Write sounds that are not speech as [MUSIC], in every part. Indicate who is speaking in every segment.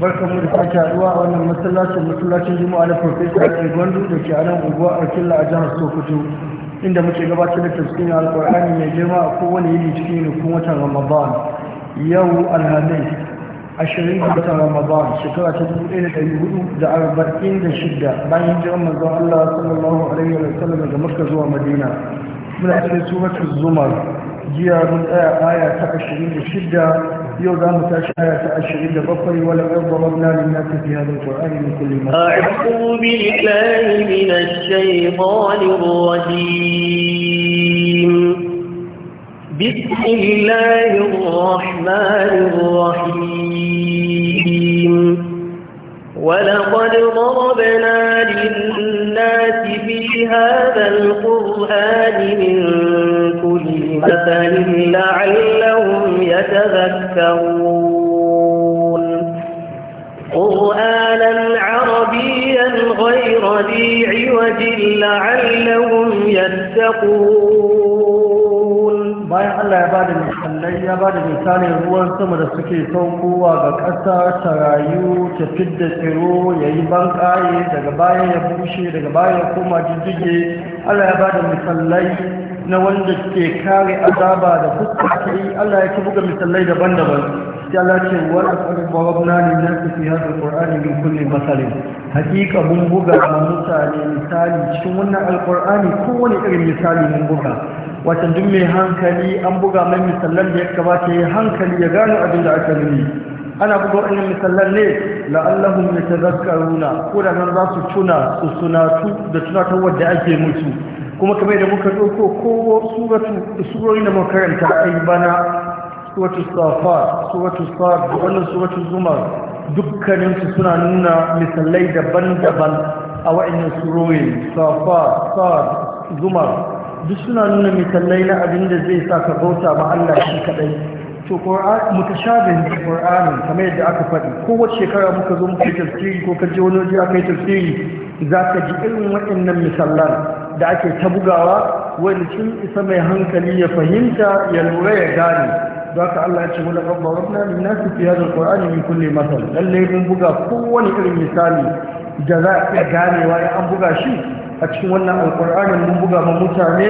Speaker 1: barkan mu da sake haduwa a wannan masallacin masallacin juma'a na professor Rai Gwandu da ke a nan unguwa Arkilla a jihar Sokoto inda muke gabatar da tafsirin Alƙur'ani mai girma a kowane yini cikin rukun watan Ramadan yau Alhamis ashirin da watan Ramadan shekara ta dubu ɗaya da ɗari hudu da arba'in da shida bayan jiran manzon Allah sallallahu alaihi wa sallam daga Makka zuwa Madina muna cikin suratul Zumar jiya mun tsaya aya ta ashirin da shida يوضع متاشاية أشعر بطري يرضى ربنا للناس في هذا القرآن من كل ما
Speaker 2: أعوذ بالله من الشيطان الرجيم بسم الله الرحمن الرحيم ولقد ضربنا للناس في هذا القرآن من كل مثل لعلهم يتذكرون قرآنا عربيا غير ذي عوج
Speaker 1: لعلهم يتقون bayan Allah ya bada misalai ya bada misalin ruwan sama da suke saukowa ga ƙasa ta rayu ta fidda tsiro ya yi banƙaye daga baya ya bushe daga baya ya koma jijjige Allah ya bada misalai na wanda ke kare azaba da fuskatai Allah ya ci buga misalai daban-daban sai Allah ce wa laqad darabna lin nasi fi da alqur'ani min kulli masalin hakika mun buga ma mutane misali cikin wannan alqur'ani kowane irin misali mun buga wata duk mai hankali an buga mai misallan da ya kamata ya hankali ya gano abin da aka nuni ana buga wannan misallan ne ya la'allahum runa ko da nan za su tuna su sunatu da tunatar wadda ake mutu kuma kamar da muka ɗauko ko suratu surori da muka karanta ai bana suratu safa suratu safa da wannan suratu zuma, dukkaninsu suna nuna misallai daban-daban a wa'annan surori safa sad zuma. duk suna nuna misalai na abin da zai sa ka bauta ma Allah shi kadai to qur'an mutashabihin qur'ani kamar yadda aka faɗi kowace shekara muka zo muka tafsiri ko je wani waje aka yi tafsiri za ka ji irin waɗannan misalan da ake ta bugawa wani cin isa mai hankali ya fahimta ya lura ya gane za ka Allah ya ce wani ƙabbarar na min nasu fiye da ƙwararri min kulle masal lallai mun buga kowane irin misali da za a iya ganewa ya an buga shi a cikin wannan alkur'anin mun buga ma mutane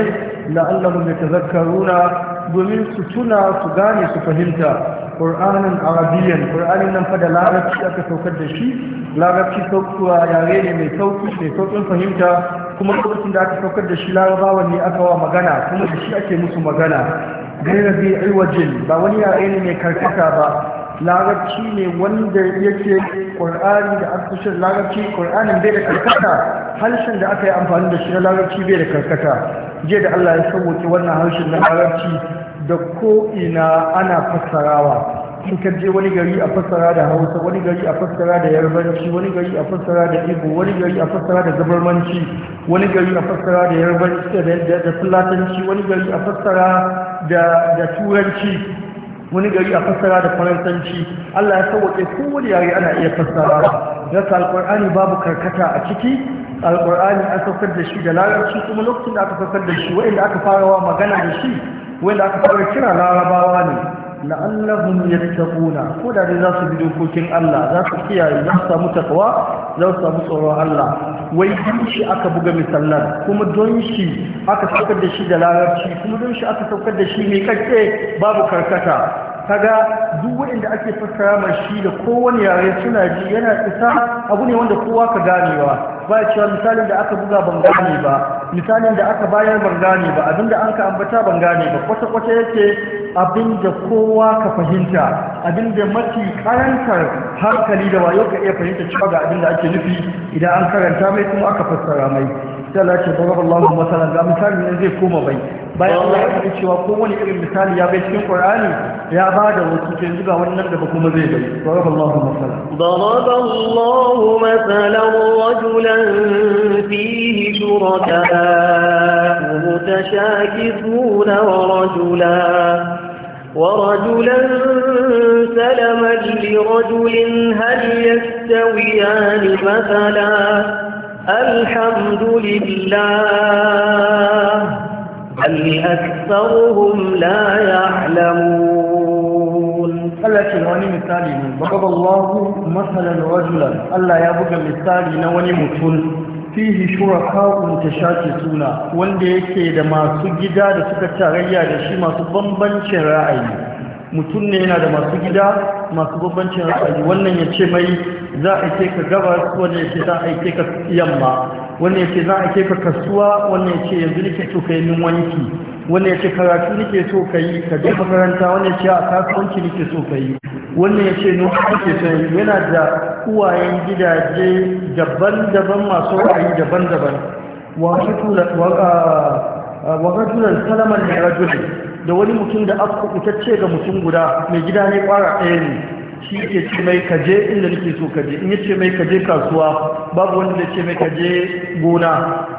Speaker 1: ta yatazakkaruna domin su tuna su gane su fahimta ƙur'anin arabiyan ƙur'anin nan fa da larabci aka saukar da shi larabci saukuwa yare ne mai sauki mai saukin fahimta kuma lokacin da aka saukar da shi larabawa ne aka wa magana kuma da shi ake musu magana gairabi aiwajin ba wani yare ne mai karkata ba larabci ne wanda yake ƙwar'ani da arkushin larabci ƙwar'anin bai da karkata harshen da aka yi amfani da shi na larabci bai da karkata jiya da Allah ya sauwake wannan harshen na larabci da ko'ina ana fassarawa in ka je wani gari a fassara da hausa wani gari a fassara da yarbanci wani gari a fassara da igbo wani gari a fassara da zabarmanci wani gari a fassara da yarbanci da fulatanci wani gari a fassara da turanci wani gari a fassara da faransanci Allah ya sauwaƙe wani yare ana iya fassara daga alƙur'ani babu karkata a ciki alƙur'ani an saukar da shi da larabci kuma lokacin da aka saukar da shi wa'inda aka wa magana da shi wa'inda aka fara kira larabawa ne la'allahum yattaquna ko da za su bi dokokin Allah za su kiyaye za su samu takwa za su samu tsoron Allah wai din shi aka buga misallan kuma don shi aka saukar da shi da larabci kuma don shi aka saukar da shi mai kakke babu karkata kaga duk wanda ake fassara ma shi da kowane yare suna ji yana isa abu ne wanda kowa ka ganewa ba cewa misalin da aka buga ban gane ba misalin da aka bayar ban gane ba da an ka ambata ban gane ba kwata-kwata yake da kowa ka fahimta abin da mafi karantar hankali da wayo ka iya fahimta cewa ga abin da ake nufi idan an karanta mai kuma aka fassara mai misali ce ضرب الله مثلا ga misali ne zai koma bai bayan Allah ya faɗi cewa ko wani irin misali ya bai cikin Qur'ani ya ba da wasu ke zuga wannan da kuma zai bai ضرب الله مثلا
Speaker 2: ضرب الله مثلا رجلا فيه شركاء متشاكسون ورجلا ورجلا سلما لرجل هل يستويان مثلا الحمد لله بل أكثرهم لا
Speaker 1: يعلمون الله كنواني مثالي ضرب الله مثلا رجلا الله يبقى مثالي نواني متون fihi shuraka'un suna, wanda yake da masu gida da suka tarayya da shi masu bambancin ra'ayi mutum ne yana da masu gida masu bambancin ra'ayi wannan ya ce mai za a ke ka gabas wannan ya ce za a ke ka yamma wannan ya ce za a ke ka kasuwa wannan ya ce yanzu nake so ka yi min wanki wannan ya ce karatu nake so ka yi ka je makaranta wannan ya ce a kasuwanci nake so ka yi wannan ya ce noma nake so yi yana da uwayen gidaje daban-daban masu ra'ayi daban-daban wa rajulan ah, salaman ne rajulai da wani mutum da aka ce ga mutum guda mai gida ne kwara ɗaya ne shi ke ce mai kaje inda nake so kaje in ya ce mai kaje kasuwa babu wanda ya ce mai kaje gona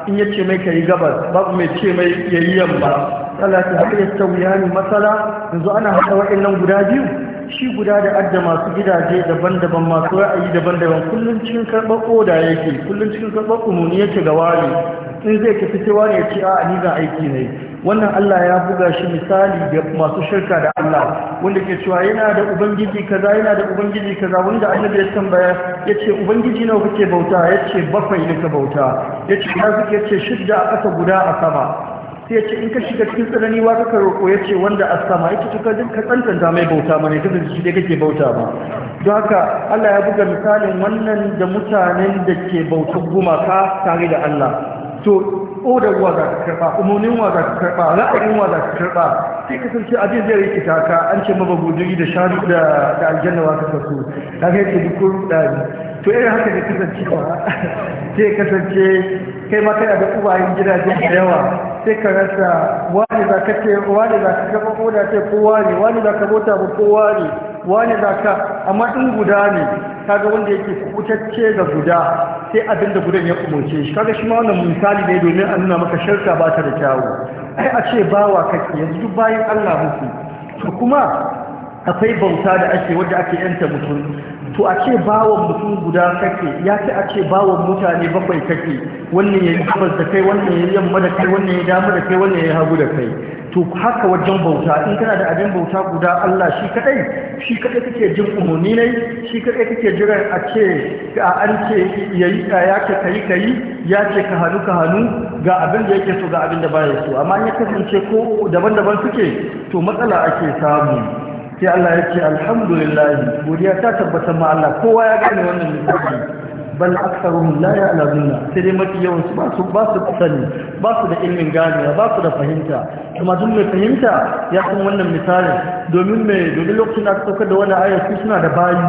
Speaker 1: in ya ce mai kayi gabas babu mai ce mai yayi yamma Allah ta haɗa ya sauya matsala yanzu ana haɗa waɗannan guda biyu shi guda da adda masu gidaje daban-daban masu ra'ayi daban-daban kullum cikin karɓar oda yake kullum cikin karɓar umuni yake ga wani in zai ka fitowa ne ya ce a ni ga aiki ne wannan Allah ya buga shi misali da masu shirka da Allah wanda ke cewa yana da ubangiji kaza yana da ubangiji kaza wanda annabi ya tambaya yace ubangiji nawa kake bauta yace bakwai ne ka bauta yace suke yace shidda a ƙasa guda a sama sai yace in ka shiga cikin tsanani wa kaka roƙo yace wanda a sama yace to ka ka tsantsanta mai bauta mana kada shi da kake bauta ba don haka Allah ya buga misalin wannan da mutanen da ke bautar gumaka tare da Allah to odar wa za ka karɓa umarnin wa za ka karɓa ra'ayin wa za ka karɓa sai kasance abin zai rikita taka an ce maba guduri da shanu da aljanna wa ka kasu ta kai ce duk rudani to irin haka ne kasancewa sai kasance kai ma kana da ubayen gidajen da yawa sai ka rasa wani za ka ce wani za ka karɓa oda ce kowa ne wani za ka bota ba kowa ne wani za ka amma in guda ne kaga wanda yake kubutacce ga guda sai abin da gudan ya umarce shi kaga shi ma wannan misali ne domin a nuna maka shirka ba ta da kyawu ai a ce bawa kake yanzu duk bayan Allah muku to kuma akwai bauta da ake wadda ake yanta mutum to a ce bawon mutum guda kake ya ce a ce bawon mutane bakwai kake wannan ya yi gabas da kai wannan ya yi yamma da kai wannan ya dama da kai wannan ya hagu da kai to haka wajen bauta in kana da abin bauta guda Allah shi kadai shi kadai kake jin umuni ne shi kadai kake jiran a ce ga an ce yayi ya ce kai kai ya ce ka hanu ka hanu ga abin da yake so ga abin da baya so amma in ya kasance ko daban-daban suke to matsala ake samu sai Allah ya ce alhamdulillahi godiya ta tabbatar ma Allah kowa ya gane wannan misali bal aktsaruhum la ya'lamuna sai dai mafi yawan su ba su ba su sani ba su da ilmin gane ba su da fahimta kuma duk mai fahimta ya san wannan misalin domin mai duk lokacin da aka da wani ayyaki suna da bayi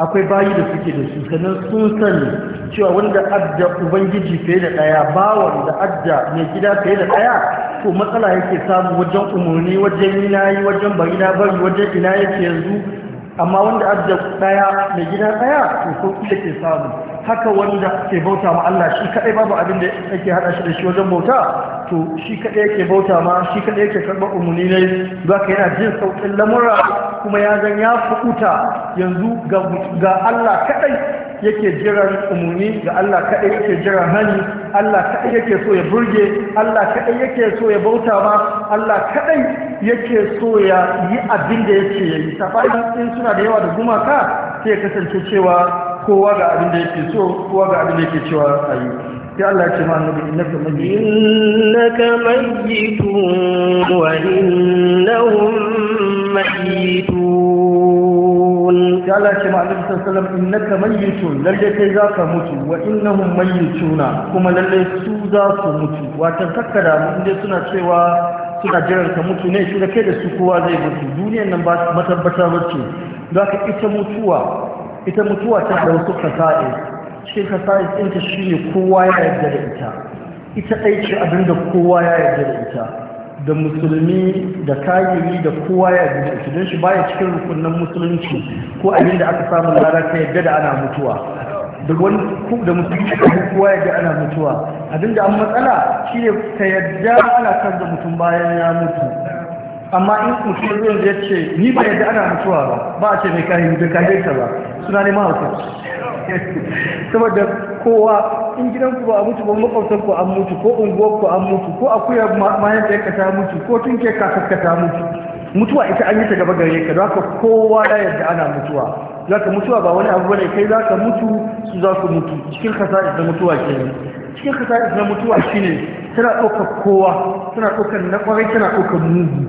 Speaker 1: akwai bayi da suke da su sannan sun sani cewa wanda adda ubangiji fiye da daya bawan da adda mai gida fiye da daya to matsala yake samu wajen umarni wajen yi wajen bari na bari wajen ina yake yanzu amma wanda adda daya mai gida daya to sauki yake samu haka wanda ke bauta ma Allah shi kadai babu abin da yake hada shi da shi wajen bauta to shi kadai yake bauta ma shi kadai yake karba umuni ne zaka yana jin saukin lamura kuma ya zan ya fukuta yanzu ga Allah kadai yake jiran umuni ga Allah kadai yake jiran hani Allah kadai yake so ya burge Allah kadai yake so ya bauta ma Allah kadai yake so ya yi abin da yake yi tafayin in suna da yawa da gumaka sai ya kasance cewa kowa ga abin da yake so kowa ga abin da yake cewa a yi sai Allah ya ce ma annabi innaka mayyitun
Speaker 2: innaka mayyitun wa innahum
Speaker 1: mayyitun sai Allah ya ce ma annabi sallallahu alaihi wasallam innaka mayyitun lalle kai za ka mutu wa innahum mayyituna kuma lalle su za su mutu wato kakkada mu inda suna cewa suna jiran ka mutu ne shi da kai da su kowa zai mutu duniyar nan ba matabbata ba ce za ka ita mutuwa ita mutuwa ta da wasu shi cikin fasa'is ta shi ne kowa ya yarda da ita ita ɗai ce abinda kowa ya yarda da ita da musulmi da kayiri da kowa ya yarda da ita don shi baya cikin rukunan musulunci ko abin da aka samu lara ta yarda da ana mutuwa da wani da musulmi da kowa ya ga ana mutuwa abinda an matsala shi ne ka yarda ana kan da mutum bayan ya mutu amma in mutum zai ya ce ni ba yadda ana mutuwa ba ba a ce mai kahin da kahin ta ba suna neman hauka saboda kowa in gidanku ba a mutu ba makwabtar ku an mutu ko unguwar ku an mutu ko akuya mayan da ka ta mutu ko tun ke kasar ka ta mutu mutuwa ita an yi ta gaba gare ka zaka kowa da yadda ana mutuwa zaka mutuwa ba wani abu bane kai zaka mutu su za su mutu cikin kasa da mutuwa ke kenan cikin kasa da mutuwa shine tana ɗaukar kowa tana ɗaukar na ƙwarai tana ɗaukar mugu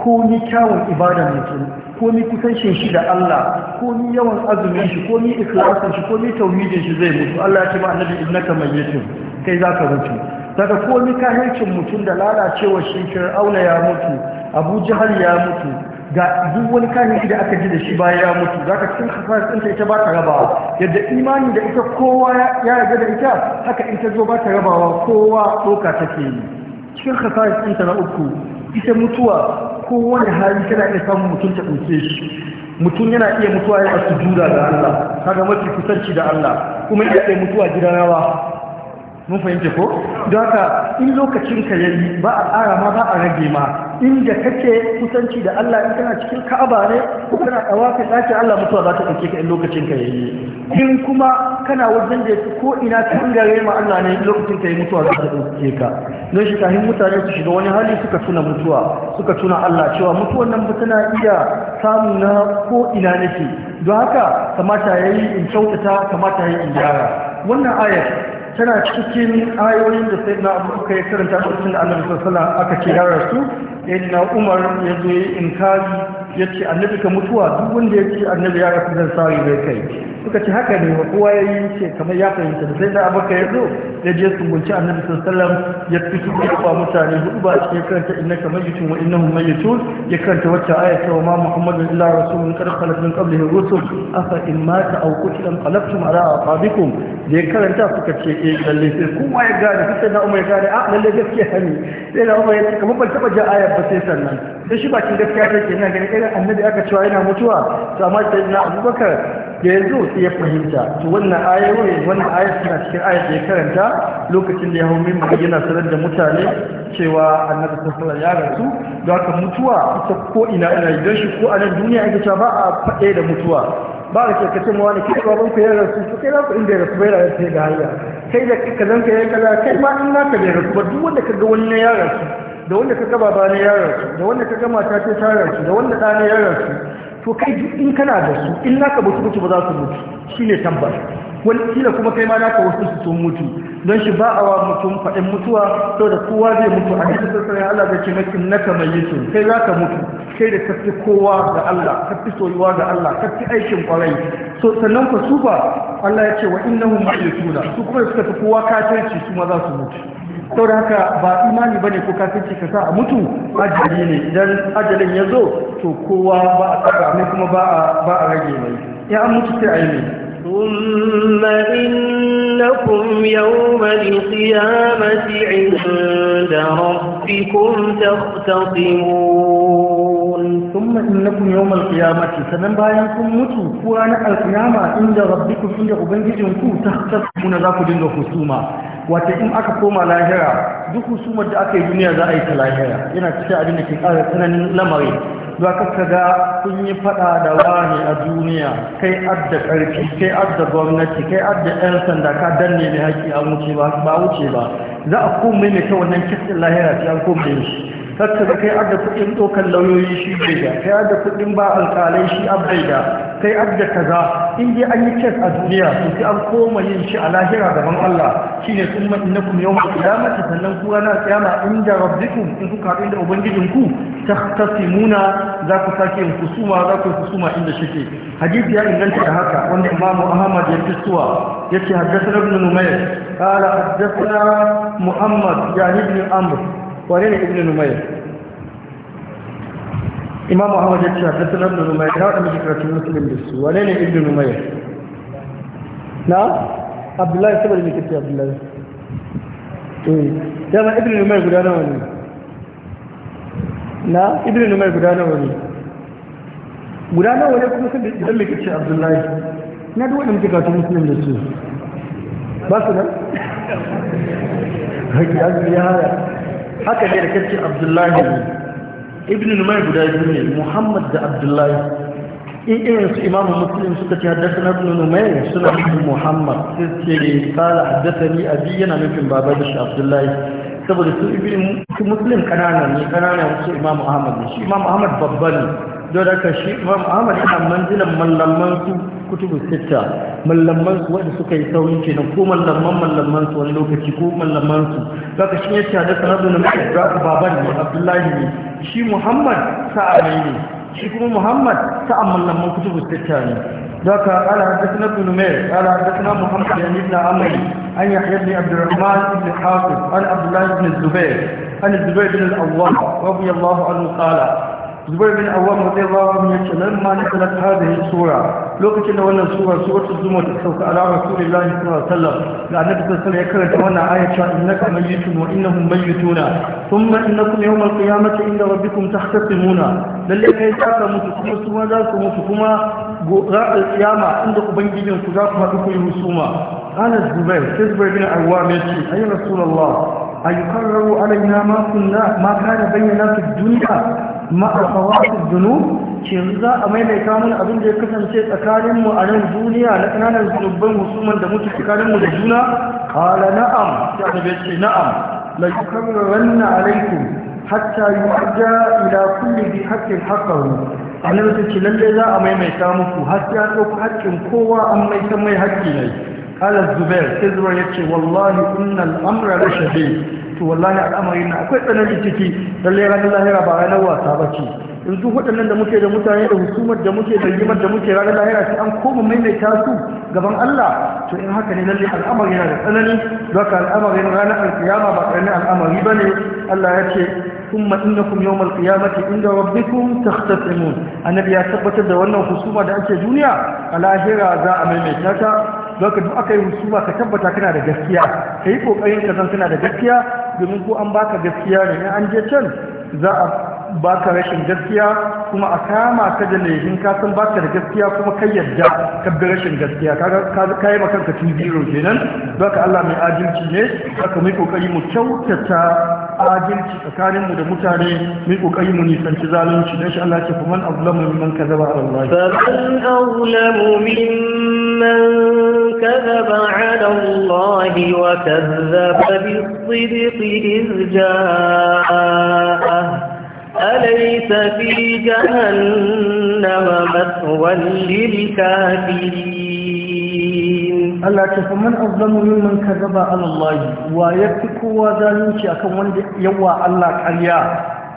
Speaker 1: ko ni kyawun ibada mutum komi kusancin shi da Allah komi yawan azumin shi komi ikhlasin shi komi tauhidin shi zai mutu Allah ya ce ma annabi innaka mayyitun kai zaka mutu daga komi kahircin mutum da lalacewa shi Fir'auna ya mutu Abu Jahal ya mutu ga duk wani kahirci da aka ji da shi bayan ya mutu zaka cikin kafarin ta ita ba ta rabawa yadda imani da ita kowa ya yarda da ita haka in ta zo ba ta rabawa kowa doka take yi cikin kafarin ta na uku ita mutuwa kowane hali kana iya samun mutum ta ɗauke shi mutum yana iya mutuwa ya su juda da Allah kaga mafi kusanci da Allah kuma iya iya mutuwa gidan rawa mun fahimce ko don haka in lokacin ka yayi ba a ƙara ma ba a rage ma inda kake kusanci da Allah in kana cikin Ka'aba ne ko kana dawafin ɗakin Allah mutuwa za ta ɗauke ka in lokacin ka yayi in kuma kana wajen da yake ko ina kan gare mu Allah ne lokacin ka yi mutuwa za ta ɗauke ka don shi kafin mutane su shiga wani hali suka tuna mutuwa suka tuna Allah cewa mutuwan nan ba tana iya samu na ko ina nake don haka kamata yayi in kyautata kamata yayi in gyara wannan ayar tana cikin ayoyin da sai na ka ya karanta a cikin annabi sallallahu aka ce ya rasu inna umar ya zo yi kazi. ya ce annabi ka mutuwa duk wanda ya ce annabi ya rasu zan sa mai kai suka ce haka ne wa kowa ya yi ce kamar ya fahimta da sai da abaka ya zo ya je su gunci annabi sallallahu ya fito ya kuma mutane hudu ba a cikin karanta inna ka mayyitun wa innahum mayyitun ya karanta wacce aya ta ma muhammadu illa rasulun qad khalat min qablihi rusul afa in mata aw qutila qalabtum ala aqabikum da ya karanta suka ce eh lalle sai kuma ya gane sai da umar ya gane a ah, lalle gaskiya ne sai da umar ya ce kamar ban taba ja aya ba sai sannan sai shi bakin gaskiya ta ke nan gani irin annabi aka cewa yana mutuwa to amma sai na abubakar da ya zo sai ya fahimta to wannan ayoyi wannan ayoyi suna cikin ayoyi da ya karanta lokacin da ya hau min yana sanar da mutane cewa annabi sallallahu ya rasu don haka mutuwa ita ko ina ina idan shi ko a nan duniya ake cewa ba a faɗe da mutuwa ba a ce mawa ma kai kike baban ku ya rasu to kai za ku inda ya rasu bai rasu sai da hanya kai da ka zanka ya kaza kai ma in naka bai rasu ba duk wanda ga wani ya rasu da wanda ka gaba ba ne ya su da wanda ka gama ta ce ta su da wanda ɗane ya su to kai duk in kana da su in naka mutu mutu ba za su mutu shi ne tambar wani kila kuma kai ma naka wasu su sun mutu don shi ba a wa mutum faɗin mutuwa sau da kowa zai mutu a cikin sassan Allah zai ce na naka mai yake kai za ka mutu kai da ka fi kowa ga Allah ka fi soyuwa ga Allah ka fi aikin kwarai so sannan ku su ba Allah ya ce wa innahum ma'yutuna su kuma suka fi kowa kafirci su ma za su mutu sau da haka ba imani bane ko kafirci ka sa a mutu ajali ne idan ajalin ya zo to kowa ba a tsaka mai kuma ba a rage mai ya an mutu sai a yi mai ثم
Speaker 2: إنكم يوم القيامة عند ربكم تختصمون ce sun ma'inakun
Speaker 1: yau malkiyamati sannan bayan kun mutu ku ranar alkiyama inda rabbiku inda ubangijinku ta tattuna za ku dinga husuma wata in aka koma lahira duk husumar da aka yi duniya za a yi ta lahira yana cikin a da ke ƙara tsananin lamari za ka kaga kun yi fada da wani a duniya kai adda karfi kai adda gwamnati kai adda yan sanda ka danne mai haƙƙi a wuce ba wuce ba za a komai mai ta wannan kisan lahira sai an komai sakka da kai adda kudin dokan lauyoyi shi bai da kai adda kuɗin ba alkalai shi bai da kai adda kaza in dai an yi kes a duniya to sai an koma yin shi a lahira gaban Allah shine kuma innakum yawmal qiyamati sannan ku na kiyama inda rabbikum in kuka haɗu da ubangijinku tahtasimuna za ku sake yin kusuma za ku kusuma inda shike hadisi ya inganta da haka wanda Imam Ahmad ya fitowa yace haddathana ibn Numayr qala haddathana Muhammad yani ibn Amr wane ne ibn numayr imam muhammad ya ce haddathana ibn numayr na wadanda muke karatu muslim da su wane ne ibn numayr na abdullahi saboda muke ce abdullahi eh, dama ibn numayr guda nawa ne na ibn numayr guda nawa ne guda nawa ne kuma sun idan muke ce abdullahi na duk wanda muke karatu muslim da su ba su nan [LAUGHS] hakki ya haya haka ne da kacce abdullahi ibn numai guda biyu ne muhammad da abdullahi in irin su imamu muslim suka ce haddasa na ibn numai suna nufin muhammad sai ce ne kala haddasa ni a biyu yana nufin babar da shi abdullahi saboda su ibn muslim kanana ne kanana su imamu ahmad ne shi imamu ahmad babba ne don haka shi imam ahmad yana manzilan mallaman su kutubu sita mallaman su wanda suka yi saurin kenan ko mallaman mallaman su wani lokaci ko mallaman su zaka shi yace da sanadun baban ne abdullahi ne shi muhammad sa'a ne shi kuma muhammad sa'a mallaman kutubu sita ne ذاك قال حدثنا ابن نمير قال حدثنا محمد muhammad ibn عمري عن يحيى بن عبد الرحمن ibn hafiz an عبد ibn zubair الزبير عن الزبير بن الاول رضي الله عنه قال zubair bin awam radiyallahu anhu yace nan ma na kala hadhihi sura lokacin da wannan sura suratul zuma ta sauka ala rasulillahi sallallahu alaihi wasallam da annabi sallallahu alaihi ya karanta wannan aya cewa Tun mayyitun wa innahum mayyituna thumma innakum yawmal qiyamati inda rabbikum tahtasimuna lalle kai za taka mutu kuma su ma za su mutu kuma gobe kiyama inda ubangijin ku za ku haɗu ku yi husuma qala zubair sai zubair bin ce, awam yace ayya rasulullah ayukarraru alaina ma kunna ma kana bayyana fi dunya ma'afawatin zunu ce za a maimaita mun abin da ya kasance tsakaninmu a nan duniya na ƙananan zunubban musulman da muke mu da juna kala na'am ya tabe ce na'am la yukarranna alaikum hatta yu'adda ila kulli bi haqqin haqqahu annabi ta ce lalle za a maimaita muku har ya haƙƙin kowa an mai san mai haƙƙi ne kala zubair sai yace ya ce wallahi innal amra la to wallahi al'amarin na akwai tsananin ciki lallai ranar lahira ba ranar wasa ba ce yanzu waɗannan da muke da mutane da hukumar da muke da rigimar da muke ranar lahira sai an koma maimaita su gaban Allah to in haka ne lallai al'amari yana da tsanani zaka al'amarin ranar alƙiyama ba ƙaramin al'amari ba ne Allah ya ce ثم إنكم يوم القيامة عند ربكم تختصمون Annabi ya tabbatar da wannan husuma da ake duniya a lahira za a maimaita ta don ka duk aka yi husuma ka tabbata kana da gaskiya ka yi kokarin ka zan kana da gaskiya domin ko an baka gaskiya ne in an je can za a Ba ka rashin gaskiya kuma a kama ka da laifin ka san ka da gaskiya kuma kai yadda ka bi rashin gaskiya ka kai ma kanka tun zero kenan baka Allah mai adalci ne baka mai kokari mu kyautata adalci tsakanin mu da mutane mai kokari mu nisanci zalunci dan shi Allah ce kuma man azlamu mimman kazaba ala Allah faman
Speaker 2: azlamu mimman kazaba ala Allah wa kazzaba bis-sidqi iz أليس في جهنم مثوى للكافرين
Speaker 1: الله كيف من أظلم ممن كذب على الله ويكتك وذلك أكون يوى الله كريا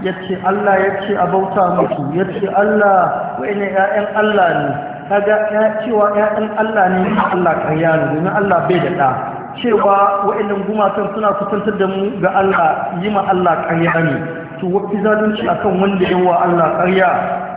Speaker 1: yace Allah yace a bauta muku yace Allah wa'ina ƴaƴan Allah ne kaga ya cewa ƴaƴan Allah ne Allah kariya ne domin Allah bai da ɗa cewa wa'innan gumatan suna kusantar da mu ga Allah yi ma Allah kariya ne to wakki zalunci akan wanda yawa Allah ƙarya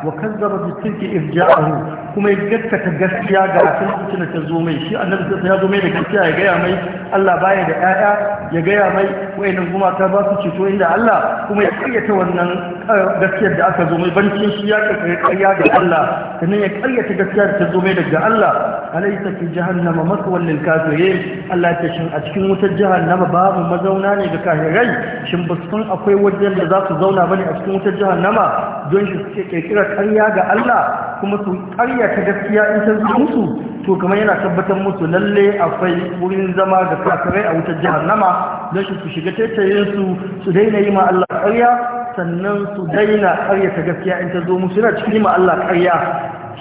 Speaker 1: wa kazzaba bi sirri irja'ahu kuma ya gaskata gaskiya ga asin cikin ta zo mai shi annabi sai ya zo mai da gaskiya ya gaya mai Allah baya da ƴaƴa ya gaya mai wayannan gumaka ba su ceto inda Allah kuma ya karyata wannan eh, gaskiyar da aka zo mai bancin shi ya karya ga Allah sannan ya karyata gaskiya da ta zo mai daga Allah alaysa fi jahannama maswal lil kafirin Allah ta shin a cikin wutar jahannama babu mazauna ne ga kafirai shin ba sun akwai wajen da za su zauna bane a cikin wutar jahannama don shi suke kirkira karya ga Allah kuma su karya hanya gaskiya in ta zo musu to kamar yana tabbatar musu lalle akwai wurin zama ga kafirai a wutar jahannama don shi su shiga su su daina yi ma Allah ƙarya sannan su daina ƙarya ta gaskiya in ta zo musu yana cikin yi ma Allah ƙarya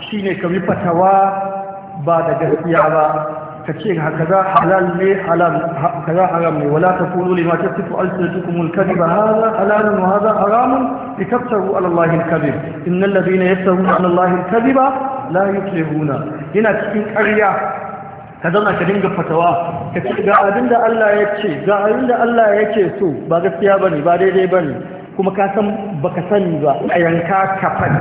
Speaker 1: shine ka bi fatawa ba da gaskiya ba كثير هكذا حلال لي حرام هكذا حرام لي ولا تقولوا لما تصف ألسنتكم الكذب هذا حلال وهذا حرام لتفتروا على الله الكذب إن الذين يفترون على الله الكذب la huna. yana cikin ƙarya ka zauna ka dinga fatawa ka ce ga abin da Allah ya ce ga abin da Allah ya ce so ba gaskiya bane ba daidai bane kuma ka san baka sani ba a yanka kafan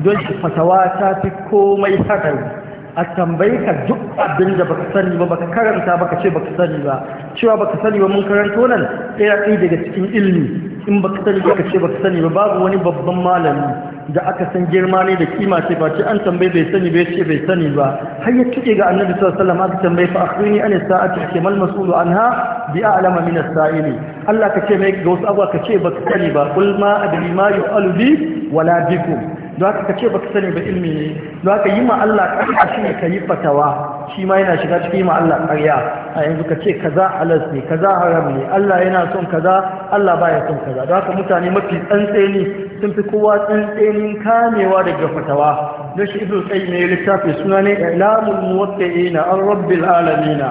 Speaker 1: don fatawa ta fi komai hadari a tambayi ka duk abin da baka sani ba baka karanta baka ce baka sani ba cewa baka sani ba mun karanto nan ɗaya ɗaya daga cikin ilmi in baka sani baka ce baka sani ba babu wani babban malami da aka san girma ne da kima ce ba ce an tambayi bai sani bai ce bai sani ba har ya tuke ga annabi sallallahu alaihi wasallam aka tambayi fa akhbirni an sa'ati ke mal mas'ulu anha bi a'lama min as-sa'ili Allah ka ce mai ga wasu abuwa ka ce baka sani ba kul ma adri ma yu'alu bi wala bikum don ka ce baka sani ba ilmi ne don yi ma Allah ƙarya shi ne ka yi fatawa shi ma yana shiga cikin yi ma Allah ƙarya a yanzu ka ce kaza halas ne kaza haram ne Allah yana son kaza Allah baya son kaza don haka mutane mafi tsantseni sun fi kowa tsantsenin kamewa daga fatawa don shi ibnu qayyim ne littafi suna ne ilamul muwaqqi'ina an rabbil alamin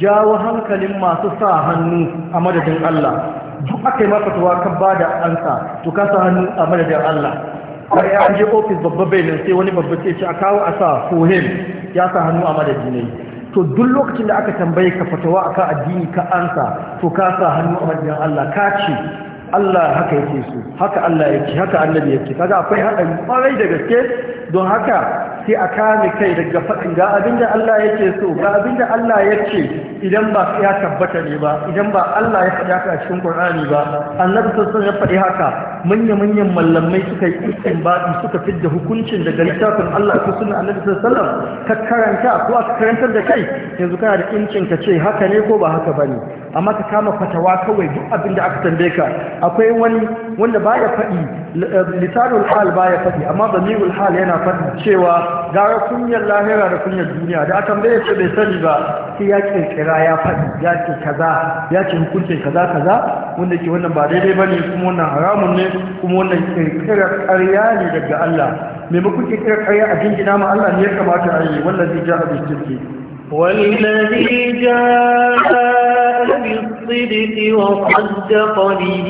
Speaker 1: jawo hankalin masu sa hannu a madadin Allah duk aka yi ma fatawa ka ba da ansa to ka sa hannu a madadin Allah kai an je ofis babba bai nan sai wani babba ce a kawo a sa kohim ya sa hannu a madadi ne to duk lokacin da aka tambaye ka fatawa akan addini ka ansa to ka sa hannu a madadin Allah ka ce Allah haka yake su haka Allah yake haka annabi yake kaga akwai hadari kwarai da gaske don haka sai a kame kai daga faɗin ga abinda Allah yake so ga abinda Allah ce idan ba ya tabbata ne ba idan ba Allah ya faɗi haka cikin Qur'ani ba Annabi sallallahu ya faɗi haka manya manyan mallamai suka yi istinbadi suka fidda hukuncin daga littafin Allah ko sunna Annabi sallallahu ka karanta ko ka karantar da kai yanzu kana da incin ka ce haka ne ko ba haka bane amma ka kama fatawa kawai duk abinda aka tambaye ka akwai wani wanda baya faɗi lisanul hal baya faɗi amma damirul hal yana faɗi cewa gara kunyar lahira da kunyar duniya da aka bai ce bai sani ba sai ya kira ya faɗi ya ce kaza ya ce hukunce kaza kaza wanda ke wannan ba daidai ba ne kuma wannan haramun ne kuma wannan kirkirar ƙarya ne daga Allah maimakon kirkirar ƙarya a jingina ma Allah ne ya kamata a yi wannan zai ja a kirki.
Speaker 2: والذي جاء بالصدق وصدق به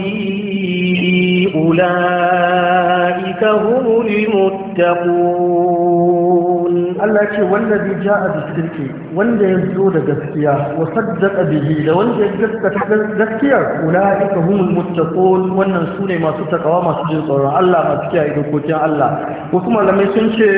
Speaker 2: أولئك هم المتقون
Speaker 1: Allah ce wanda zai ja a bisirki wanda ya zo da gaskiya wa saddaka bihi da wanda ya gaskata gaskiyar ulaika humul muttaqun wannan sune masu takawa masu jin tsoron Allah masu kiyaye dokokin Allah ko kuma lamai sun ce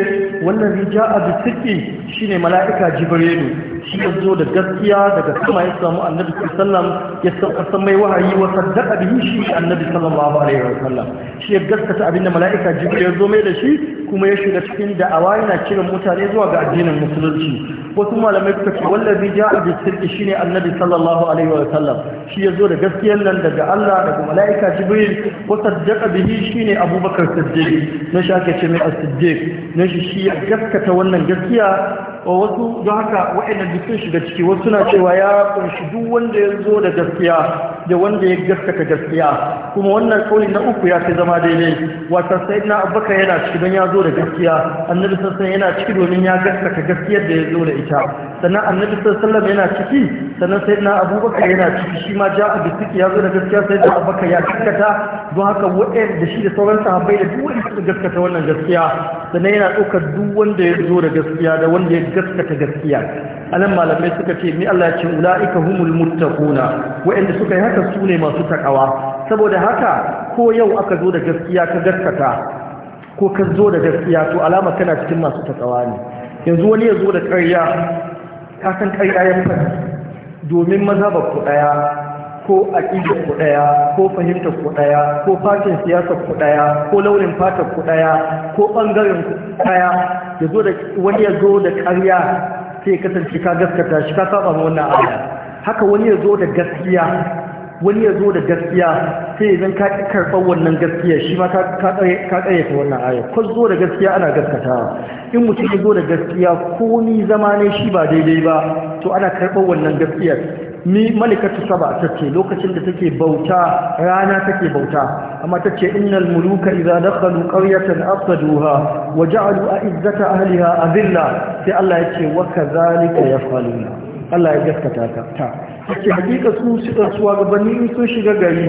Speaker 1: wanda zai ja a bisirki shine mala'ika jibrilu shi ya zo da gaskiya daga sama ya samu annabi sallam ya san mai wahayi wa saddaka bihi shi annabi sallallahu alaihi sallam shi ya gaskata abinda mala'ika jibril ya zo mai da shi kuma ya shiga cikin da'awa yana kiran mutane zuwa ga addinin musulunci wasu malamai suka ce wallazi ja'a bi sirri shine annabi sallallahu alaihi wa sallam shi yazo da gaskiyar nan daga Allah daga malaika jibril wa saddaqa bihi shine abubakar siddiq na shake ce mai as-siddiq na shi shi ya gaskata wannan gaskiya wa wasu don haka wa'annan duk sun shiga ciki wasu suna cewa ya kunshi duk wanda ya zo da gaskiya da wanda ya gaskata gaskiya kuma wannan kauli na uku ya fi zama daidai wata sayyidina abubakar yana ciki don ya zo da gaskiya annabi sassan yana ciki domin domin ya gaskata gaskiyar da ya zo da ita sannan annabi sallallahu yana ciki sannan sai na abubakar yana ciki shi ma ja'a da suke ya zo da gaskiya sai da abubakar ya gaskata don haka wa'en da shi da sauran sahabbai da duk wanda suka gaskata wannan gaskiya sannan yana ɗaukar duk wanda ya zo da gaskiya da wanda ya gaskata gaskiya anan malamai suka ce mi Allah ya ce ula'ika humul muttaquna wa'anda suka yi haka su ne masu takawa saboda haka ko yau aka zo da gaskiya ka gaskata ko ka zo da gaskiya to alama kana cikin masu takawa ne yanzu wani ya zo da ƙarya ka san ƙarya ya fara domin mazhabar ku daya ko aqida ku daya ko fahimtar ku daya ko fatin siyasar ku daya ko launin fata ku ɗaya ko ɓangaren ku daya ya zo da wani ya zo da ƙarya sai kasance ka gaskata shi ka saba wannan aya haka wani ya zo da gaskiya wani ya zo da gaskiya sai idan ka karɓar wannan gaskiya shi ma ka ƙayyata wannan ayar ko zo da gaskiya ana gaskata. in mutum ya zo da gaskiya ko ni zama ne shi ba daidai ba to ana karɓar wannan gaskiyar ni malikatu saba ta ce lokacin da take bauta rana take bauta amma ta ce innal muluka idza dakhalu qaryatan afsaduha wa ja'alu a'izzata ahliha adilla sai Allah ya ce wa kadhalika yafaluna Allah ya gaskata ta ta ce hakika su su gabanin sun shiga gari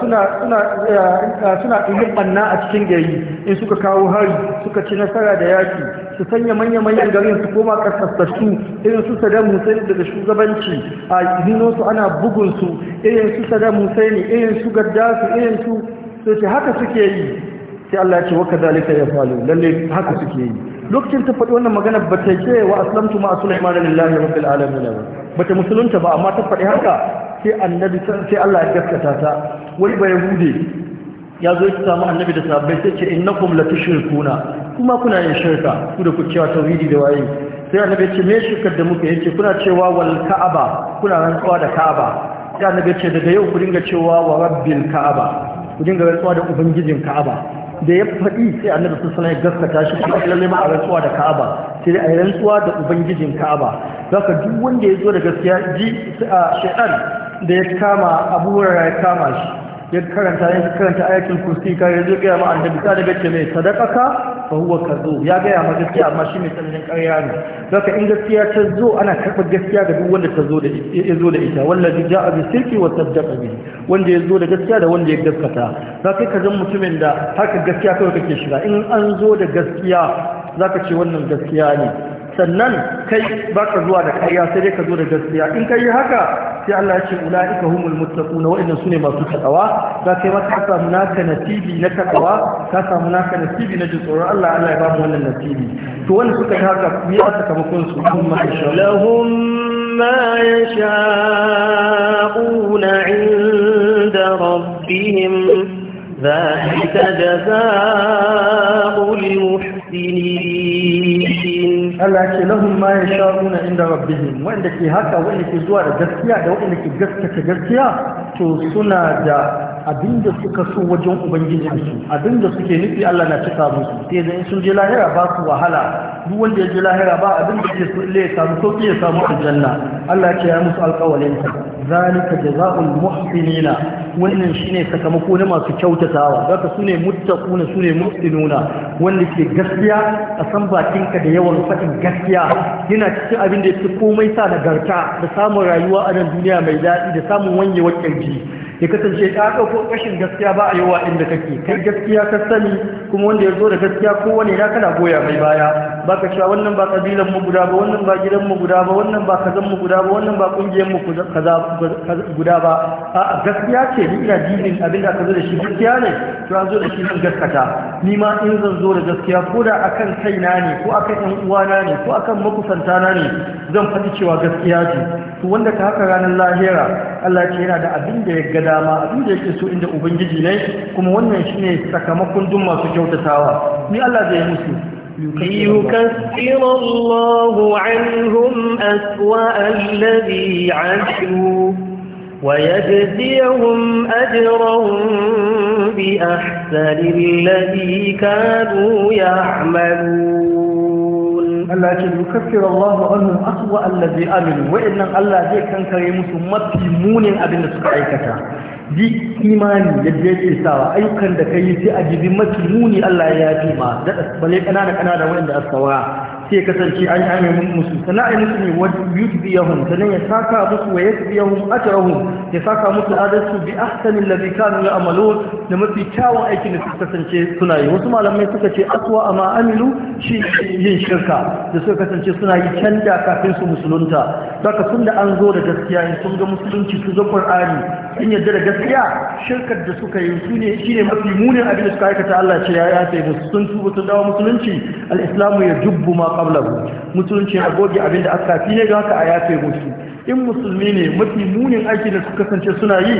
Speaker 1: suna eh, ɗin ɓanna a cikin gari in suka kawo hari suka ci nasara da yaki su sanya manya-manyan garin su koma ƙasassu irin su saddam Musaini daga shugabanci a su ana bugunsu irin su saddam hussein irin su gaddafi irin su ce haka suke yi sai allah ce waka zalika ya falo lalle haka suke yi lokacin ta faɗi wannan magana ba ta ce wa aslamtu ma sulaiman lillahi rabbil alamin ba bata musulunta ba amma ta faɗi haka sai annabi sai Allah ya gaskata ta wani bai hude ya zo ya samu annabi da sabbai sai ce innakum tushrikuna kuma kuna yin shirka ku da ku cewa tauhidi da waye sai annabi ya ce me shirkar da muka yace kuna cewa wal ka'aba kuna rantsuwa da ka'aba sai annabi ya ce daga yau ku dinga cewa wa rabbil ka'aba ku dinga rantsuwa da ubangijin ka'aba da ya faɗi sai annabi sallallahu alaihi wasallam ya gaskata shi kuma lalle ma a rantsuwa da Ka'aba sai a rantsuwa da ubangijin Ka'aba zaka duk wanda ya zo da gaskiya ji a shaitan da ya kama Abu ya kama shi ya karanta ya karanta ayatul kursi ka yanzu ga ma annabi ta daga ce mai sadaqaka fa huwa kazo ya ga ya ma gaskiya amma shi mai sanin ƙarya ne zaka in gaskiya ta zo ana karɓar gaskiya ga duk wanda ta zo da ya zo da ita wallahi ja'a bi sirki wa saddaqa bi wanda ya zo da gaskiya da wanda ya gaskata zaka ka zan mutumin da haka gaskiya kawai kake shiga in an zo da gaskiya zaka ce wannan gaskiya ne sannan kai baka zuwa da ƙarya sai dai ka zo da gaskiya in kai haka sai Allah ya ce ula'ika humul muttaqun wa'inna sune masu takawa za kai ma ka samu naka nasibi na takawa ka samu naka nasibi na jin tsoron Allah Allah ya ba mu wannan nasibi to wanda suka yi haka me ya sakamakon su kuma insha Allah
Speaker 2: ما يشاءون عند ربهم ذلك جزاء
Speaker 1: المحسنين Allah ce lahum ma yasha'una inda rabbihim wanda ke haka wanda ke zuwa da gaskiya da wanda ke gaskata gaskiya to suna da abinda suka so wajen ubangijinsu da suke nufi Allah na cika musu sai sun je lahira ba su wahala duk wanda ya je lahira ba da ke so ya samu sauki ya samu aljanna Allah ya ce ya musu alƙawalin ta zalika jazaa'ul muhsinina wannan shine sakamako na masu kyautatawa zaka sune muttaquna sune muhsinuna wanda ke gaskiya a san bakin ka da yawan fadin gaskiya yana cikin abin da yake komai sa nagarta da samun rayuwa a nan duniya mai daɗi da samun wanyewar kirji ya kasance ka ɗauko ƙashin gaskiya ba a yi wa inda kake kai gaskiya ka sani kuma wanda ya zo da gaskiya kowane ya kana goya mai baya ba ka cewa wannan ba ƙabilan mu guda ba wannan ba gidan mu guda ba wannan ba kazan mu guda ba wannan ba ƙungiyar mu guda ba a gaskiya ce ni ina dinin abin da aka zo da shi gaskiya ne to an zo da shi zan gaskata ni ma in zan zo da gaskiya ko da akan kaina ne ko akan ɗan uwana ne ko akan makusantana ne zan faɗi cewa gaskiya ce to wanda ka haka ranar lahira Allah ce yana da abin da ya ga dama abin da yake so inda ubangiji ne kuma wannan shine sakamakon duk masu kyautatawa ni Allah zai musu ليكفر
Speaker 2: الله عنهم أسوأ الذي عملوا ويجزيهم أجرا بأحسن الذي كانوا
Speaker 1: يعملون Allah ce yukaffir Allahu anhum aswa allazi amilu wa'annan Allah zai kankare musu mafi munin abin da suka aikata bi imani yadda yake sawa ayyukan da kai sai a jibi mafi muni Allah ya yafi ma da bale kanana kanana wa'anda asawa sai kasance an yi amin musu sana a yi musu ne wadda yusufi yahun sannan ya saka musu wa yasufi yahun ajarahun ya saka musu adarsu bi ahsanin labi kanu ya amalo da mafi kyawun aikin da suka kasance suna yi wasu malamai suka ce aswa a ma'amilu shi yin shirka da suka kasance suna yi canja kafin su musulunta saka sun da an zo da gaskiya in sun ga musulunci su zo qur'ani In yadda da gaskiya shirkar da suka yi su ne shi ne mafi munin abin da suka aikata Allah ce ya yafe musu sun tuba sun dawo musulunci al-islamu ya jubbu ma qablahu musulunci ya goge abin da aka fi ne ga haka a yafe musu in musulmi ne mafi munin aiki da suka kasance suna yi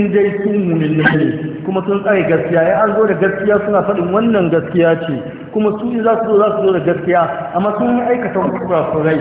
Speaker 1: in dai sun munin ne kuma sun tsaye gaskiya ya an zo da gaskiya suna faɗin wannan gaskiya ce kuma su in za su zo za su zo da gaskiya amma sun yi aikata kurakurai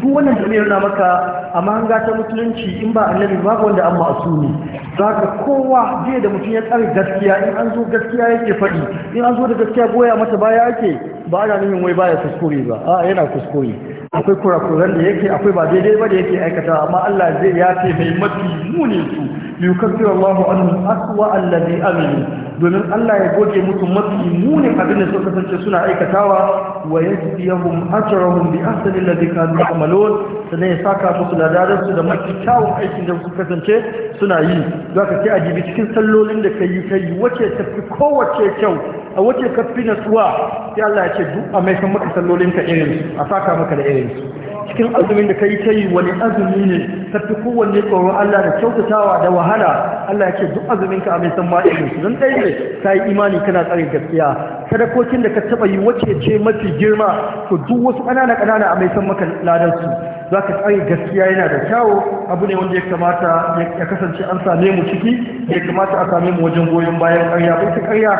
Speaker 1: duk wannan da nuna maka a mahanga ta musulunci in ba annabi ba wanda an ne za ka kowa jiya da mutum ya tsare gaskiya in an zo gaskiya yake faɗi in an zo da gaskiya goya mata baya ake ba ana nufin wai baya kuskure ba a yana kuskure akwai kurakuran da yake akwai ba daidai ba da yake aikata amma Allah zai yafe mai mafi muni su liyukaffir Allahu anhum aswa allazi aminu domin Allah ya goge musu mafi munin abin da suka kasance suna aikatawa wa yajziyahum ajrahum bi ahsani allazi kanu ya'malun sannan ya saka musu ladaran su da mafi kyawun aikin da suka kasance suna yi zaka sai a jibi cikin sallolin da kai kai wace fi kowace kyau a wace kafi natsuwa sai Allah ya ce duk a mai san maka sallolin ka irin a saka maka da irin cikin azumin da kai kai wani azumi ne tafi kowanne tsoro Allah da kyautatawa da wahala Allah ya ce duk azumin ka mai san ma'aikin su don ɗaya ne ka yi imani kana tsare gaskiya sadakokin da ka taɓa yi wacce ce mafi girma to duk wasu ƙanana ƙanana a mai san maka ladan su za ka tsare gaskiya yana da kyawo abu ne wanda ya kamata ya kasance an same mu ciki ya kamata a same mu wajen goyon bayan ƙarya ko ta ƙarya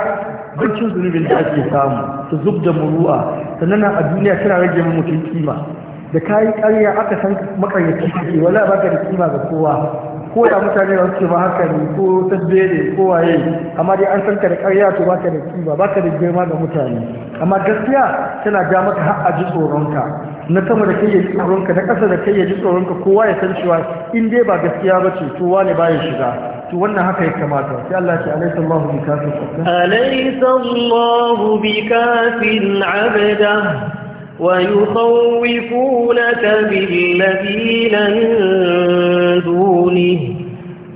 Speaker 1: cin zunubin da ake samu ta zub da muru'a sannan a duniya tana rage mutum kima da kayi ƙarya aka san makaryaci kake wala ba ka da kima ga kowa ko da mutane ba suke ba haka ne ko tabbe ne ko waye amma dai an san ka da ƙarya to ba ka da kima ba ka da girma ga mutane amma gaskiya tana ja maka har a ji tsoronka na sama da kai ya ji tsoronka na ƙasa da kai ya ji tsoronka kowa ya san cewa in dai ba gaskiya ba ce to wane ba ya shiga to wannan haka ya kamata sai Allah ce alaysa Allahu bi kafin
Speaker 2: alaysa Allahu bi kafin ويخوفونك بالذين من دونه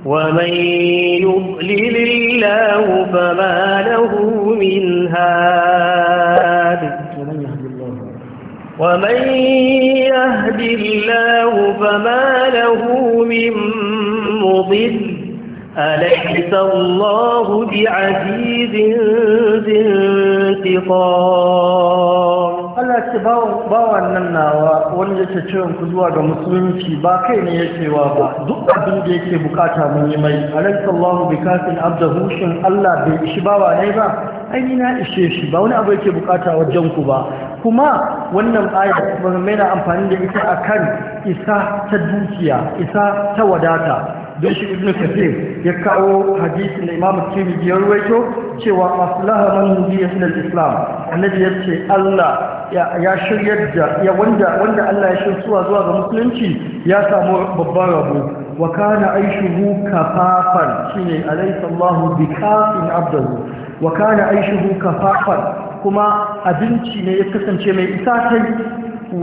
Speaker 2: ومن يضلل الله فما له من هاد ومن يهد الله فما له من مضل أليس الله بعزيز ذي انتقام
Speaker 1: Allah ce bawan nan nawa wani yake ciwon ku zuwa ga musulunci ba kai ne yake wa ba duk abin da yake bukata mun yi mai lahu bi kafin abdahushin Allah bai shi bawa ne ba aini na ishe shi ba wani abu yake bukata wajen ku ba kuma wannan aya mai na amfani da ita a kan isa ta dukiya isa ta wadata don shi ibn kafir ya kawo hadisi da imam tirmidhi ya cewa aslaha man hudiya islam annabi ya ce Allah ya shiryar da wanda wanda Allah ya shirya zuwa ga musulunci ya samu babban rabo wa kana aishuhu kafafan shine alaysa Allahu bikafin abdahu wa kana aishuhu kafafan kuma abinci ne ya kasance mai isa kai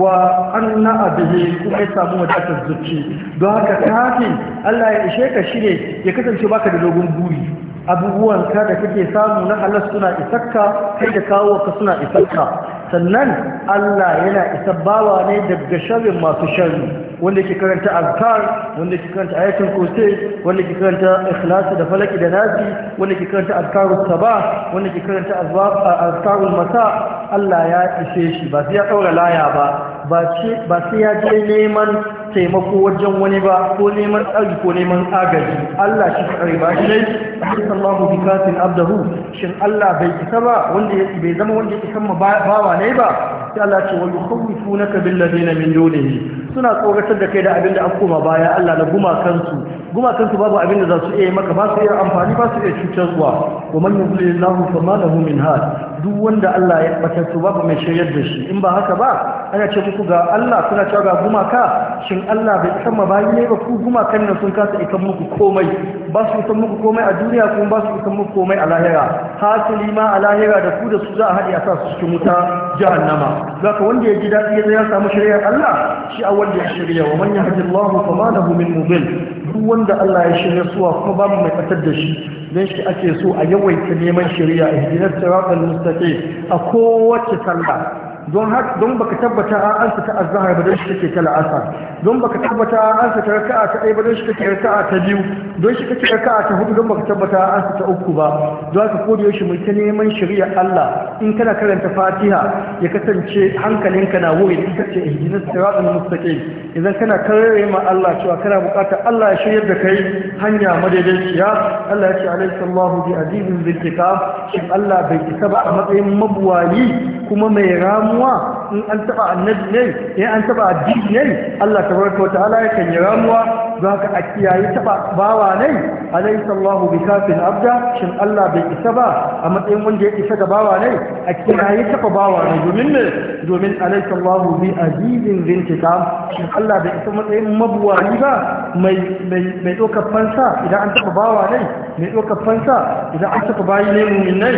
Speaker 1: wa anna abihi kuma ya samu wadatar zuci don haka kafin Allah ya ishe ka shine ya kasance baka da dogon buri abubuwan ka da kake samu na halas suna isakka kai da kawo ka suna isakka sannan Allah yana isa bawa ne daga sharrin masu sharri wanda ke karanta azkar wanda ke karanta ayatul kursi wanda ke karanta ikhlasi da falaki da nasi wanda ke karanta azkarus sabah wanda ke karanta azkarul masa Allah ya ishe shi ba sai ya daura laya ba ba sai ya je neman taimako wajen wani ba ko neman tsari ko neman agaji Allah shi tsari ba shi ne sallahu bi katin abdahu shin Allah bai isa ba wanda bai zama wanda ya isa ma bawa ne ba sai Allah ce wa kabila bil na min dunihi suna tsoratar da kai da abinda an koma baya Allah na guma kansu guma kansu babu abinda za su iya maka ba su iya amfani ba su iya cutarwa wa man yudlilillahu fama lahu min had duk wanda Allah ya bata su babu mai shayar da shi in ba haka ba ana ce kuku ga Allah suna cewa ga gumaka shin Allah bai san mabayi ne ba ku gumakan nan sun kasa ikan muku komai ba su san muku komai a duniya kuma ba su san muku komai a lahira hasili ma a lahira da su da su za a haɗe a sa su cikin wuta jahannama za ka wanda ya ji daɗi ya ya samu shari'ar Allah shi a wanda ya shirya wa manya yahdi Allah fa ma lahu min mubil duk wanda Allah ya shirya suwa kuma babu mai ƙasar da shi dan shi ake so a yawaita neman shari'a ihdinas siratal mustaqim a kowace sallah don har don baka tabbata an ansa ta azhar ba don shi kake ta la'asar don baka tabbata an ansa ta raka'a ta ɗaya ba don shi kake raka'a ta biyu don shi kake raka'a ta hudu don baka tabbata an ansa ta uku ba don haka ko da yaushe mun ta neman shari'ar Allah in kana karanta Fatiha ya kasance hankalinka na wuri in kace ihdinas siratal mustaqim idan kana karare ma Allah cewa kana bukatar Allah ya shiryar da kai hanya madaidaiciya Allah ya ce alaysa sallahu bi azizin zikka shin Allah bai isa ba a matsayin mabuwayi kuma mai ramu ramuwa in an taba annabi ne in an taba addini ne Allah tabaraka wa ta'ala ya yakan yi ramuwa za ka a kiyaye taba bawa ne sallahu Allahu kafin abda shin Allah bai isa ba a matsayin wanda ya isa ga bawa ne a kiyaye taba bawa ne domin ne domin alaysa Allahu bi azizin zintiqam shin Allah bai isa matsayin mabuwani ba mai mai mai dokar fansa idan an taba bawa ne mai dokar fansa idan an taba bayi ne mu'min ne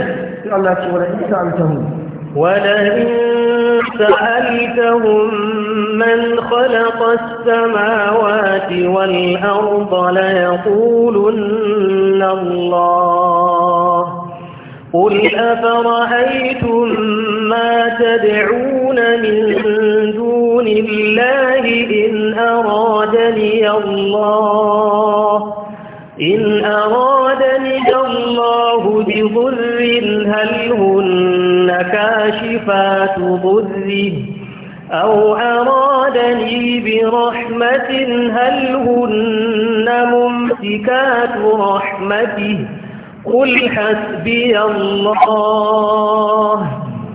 Speaker 1: sai Allah ya ce wala isa altahu ولئن
Speaker 2: سألتهم من خلق السماوات والأرض ليقولن الله قل أفرأيتم ما تدعون من دون الله إن أرادني الله إن أرادني الله بضر هل هن كاشفات ضره أو أرادني برحمة هل هن ممسكات رحمته قل حسبي الله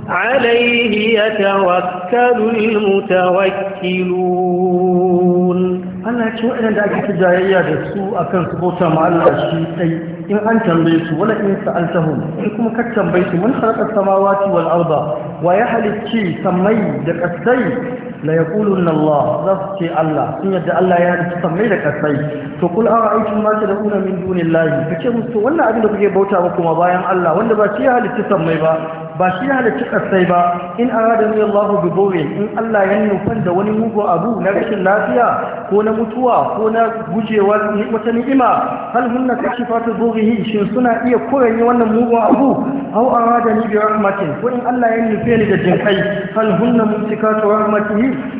Speaker 2: عليه
Speaker 1: يتوكل المتوكلون Allah ce waɗanda ake ta jayayya da su akan su bauta ma Allah shi tsaye in an tambaye su wala in sa'altahum in kuma ka tambaye su mun khalaqa samawati wal arda wa ya halicci samai da kasai la yaquluna Allah za su ce Allah in yadda Allah ya halicci samai da kasai to kul da ma tad'una min dunillahi kace musu wannan abin da kuke bauta ba kuma bayan Allah wanda ba shi ya halicci samai ba ba shi ya halarci kasai ba in arada ni Allah bi bawin in Allah ya nufan da wani mugu abu na rashin lafiya ko na mutuwa ko na gujewa wata ni'ima hal hunna kashifatu dhurrihi shin suna iya yi wannan mugu abu aw arada ni bi rahmatin ko in Allah ya nufe ni da jinkai hal hunna mumsikatu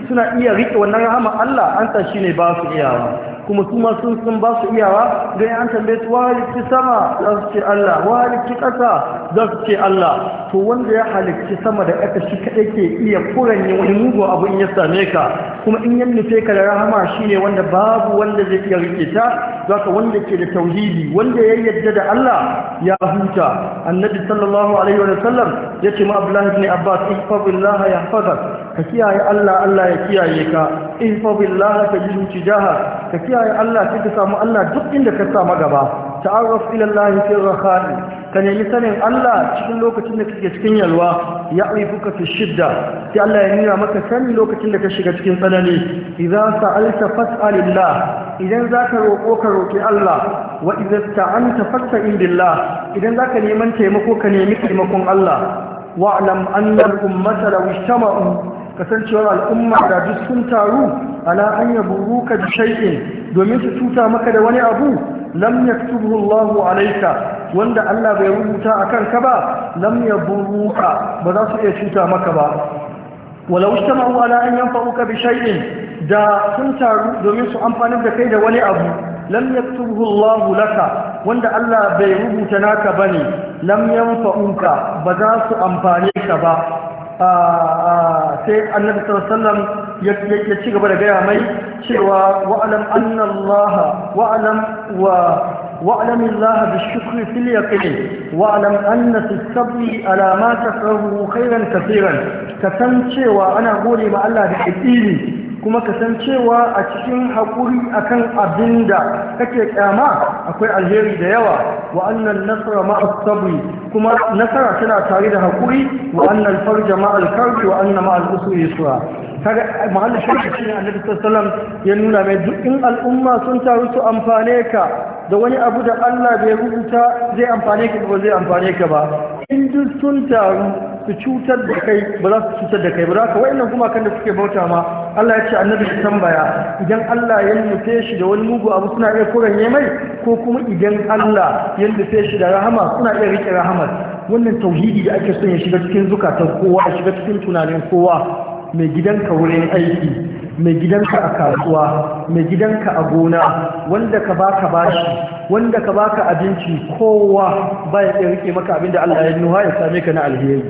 Speaker 1: suna iya rike wannan rahama Allah an ta ne ba su iyawa kuma su ma sun sun ba su iyawa don an tambaye su wahalicci sama za su ce Allah wahalicci ƙasa za su ce Allah to wanda ya halicci sama da ƙasa shi kaɗai ke iya kuranye wani mugu abu in ya same ka kuma in ya nufe ka da rahama shi ne wanda babu wanda zai iya rike ta za ka wanda ke da tauhidi wanda ya yadda da Allah ya huta annabi sallallahu alaihi wa sallam ya ce ma Abdullahi ibn Abbas ihfazillaha yahfazak ka kiyaye Allah Allah ya kiyaye ka ihfabillah tajidu tijaha ka kiyaye Allah sai ka samu Allah duk inda ka samu gaba ta'arraf ila Allah fi rakhani ka nemi sanin Allah cikin lokacin da kake cikin yalwa ya'rifuka fi shidda sai Allah ya nuna maka sani lokacin da ka shiga cikin tsanani idza sa'alta fas'alillah idan zaka roko ka roki Allah wa idza ta'anta fasta'in billah idan zaka neman taimako ka nemi taimakon Allah wa'lam anna al-ummata kasancewar al'umma da duk sun taru ala an yaburu ka bi shay'in domin su tuta maka da wani abu lam yaktubuhu Allahu alayka wanda Allah bai rubuta akan ka ba lam yaburuka ba za su iya cuta maka ba walau ijtama'u ala an yanfa'uka bi shay'in da sun taru domin su amfani da kai da wani abu lam yaktubuhu Allahu laka wanda Allah bai rubuta naka bane lam yanfa'uka ba za su amfani ka ba sai annabi sallallahu ya ci gaba da gaya mai cewa wa allah bi shukri fil yaqin wa alam anna sabri ala ma tasawu khairan katiran ka san cewa ana gode ma Allah da kitini kuma kasancewa a cikin haƙuri akan abin da kake kyama akwai alheri da yawa wa annan nasara ma'as sabri kuma nasara tana tare da haƙuri wa annan farja ma'al karbi wa annan ma'al usuri yusra kaga mahallin shirki shine annabi sallallahu ya nuna mai duk in al'umma sun taru su amfane ka da wani abu da Allah bai rubuta zai amfane ka ba zai amfane ka ba in duk sun taru su cutar da kai ba za su cutar da kai ba za ka wa'annan kuma kan da suke bauta ma Allah ya ce annabi ya tambaya idan Allah ya nufe shi da wani mugu abu suna iya kuranye mai ko kuma idan Allah ya nufe shi da rahama suna iya rike rahamar wannan tauhidi da ake son ya shiga cikin zukatan kowa a shiga cikin tunanin kowa mai gidanka wurin aiki mai gidanka a kasuwa mai gidanka a gona wanda ka baka bashi wanda ka baka abinci kowa baya ya rike maka abinda Allah ya nuha ya same ka na alheri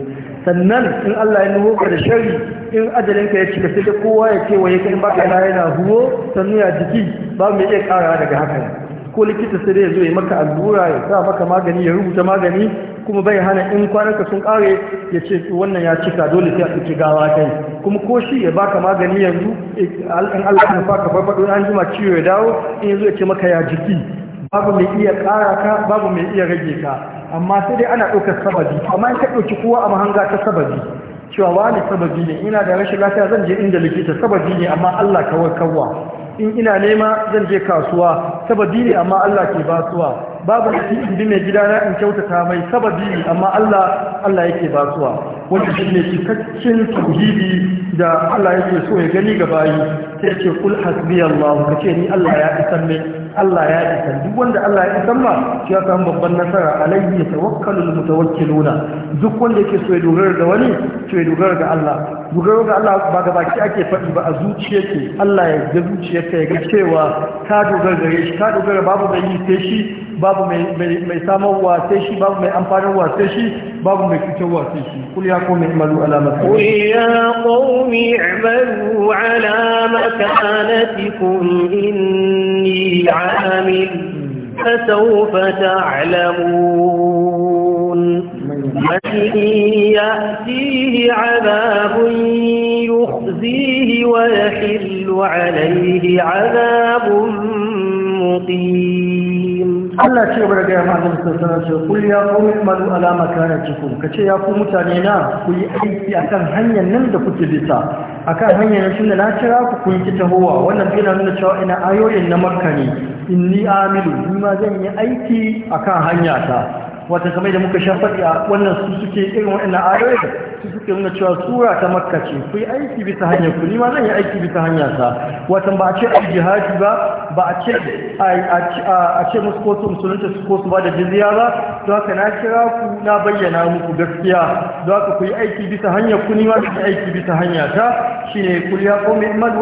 Speaker 1: sannan in Allah ya nuho ka da shari in ajalinka ya cika sai kowa ya ce waye kan baka na yana huwo sannu ya jiki ba mu iya karawa daga haka ko likita sai ya zo ya maka allura ya sa maka magani ya rubuta magani kuma bai hana in kwanaka sun kare ya ce wannan ya cika dole sai a ɗauki gawa kai kuma ko shi ya baka magani yanzu eh, in Allah ya faka farfaɗo an jima ciwo ya dawo in yanzu ya ce maka ya jiki babu mai iya ƙara ka babu mai iya rage ka amma sai dai ana ɗaukar sababi amma in ka ɗauki kowa a mahanga ta sababi cewa wani sababi ne ina da rashin lafiya zan je inda likita sababi ne amma Allah kawai kawwa in ina nema zan je kasuwa sababi ne amma Allah ke basuwa babu shi in bi mai gidana in kyautata mai sababi amma Allah Allah yake basuwa wanda shi ne cikakken tauhidi da Allah yake so ya gani ga bayi sai ce kul Allah kace ni Allah ya isan ne Allah ya isan duk wanda Allah ya isan ma shi ya samu babban nasara alayhi tawakkalu mutawakkiluna duk wanda yake so ya dogara ga wani to ya dogara ga Allah dogara ga Allah ba ga baki ake faɗi ba a zuciya ce. Allah ya ga zuciyarka ya ga cewa ka dogara gare shi ka dogara babu yi sai shi babu mai samun wasai shi babu mai amfanin wasai shi babu mai cutar wasai shi kul ya qawmi i'malu alamata makanatikum kul
Speaker 2: ya qawmi i'malu alamata makanatikum inni 'amil fasawfa ta'lamun من يأتيه عذاب ya ويحل عليه عذاب Allah ce bar ga yamma
Speaker 1: Allah sun sanar ce kul ya qawmi malu ala makanatikum kace ya ku mutane na ku yi aiki akan hanyar nan da kuke bisa akan hanyar nan tunda na kira ku kun ki tahowa wannan yana nuna cewa ina ayoyin na makka ne inni amilu ni ma zan yi aiki akan hanya ta wata kamar da muka sha faɗi a wannan su suke irin waɗannan ayoyi su suke nuna cewa sura ta makka ce ku yi aiki bisa hanyar ku ma zan yi aiki bisa hanyar sa wata ba a ce a jihadi ba ba a ce a ce musu ko su musulunta su ko su ba da jizya ba don haka na kira ku na bayyana muku gaskiya don haka ku yi aiki bisa hanya ku ni ma ku yi aiki bisa hanya ta Shi ne ku ya qawmi malu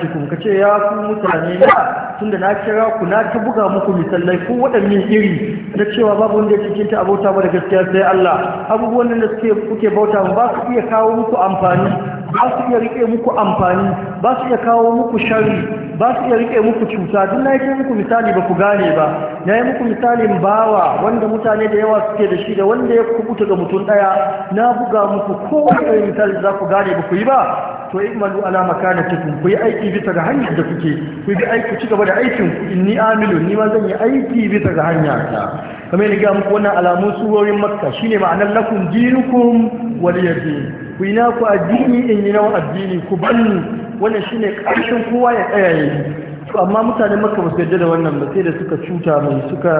Speaker 1: cikin Ka ce ya ku mutane na tunda na kira ku na ta buga muku misalai ko waɗannan iri na cewa babu wanda ya cikin ta abota ba da gaskiya sai Allah abubuwan da suke kuke bauta ba su iya kawo muku amfani ba su iya rike muku amfani ba su iya kawo muku shari ba su iya rike muku cuta duk na yake muku misali ba ku gane ba na yi muku misalin bawa wanda mutane da yawa suke da shi da wanda ya kubuta ga mutum ɗaya na buga muku kowane irin misali za ku gane ba ku yi ba to ikmalu ala makanatikum ku yi aiki bisa ga hanyar da kuke ku bi aiki ci gaba da aikin ku ni amilu ni ma zan yi aiki bisa ga hanya ta kamar yadda ga muku wannan alamun surorin makka shine ma'anar lakum dinukum waliyadin ku yi naku addini in yi nawa addini ku banni wannan shine ƙarshen kowa ya tsaya yayi to amma mutanen maka ba su yarda da wannan ba sai da suka cuta mai suka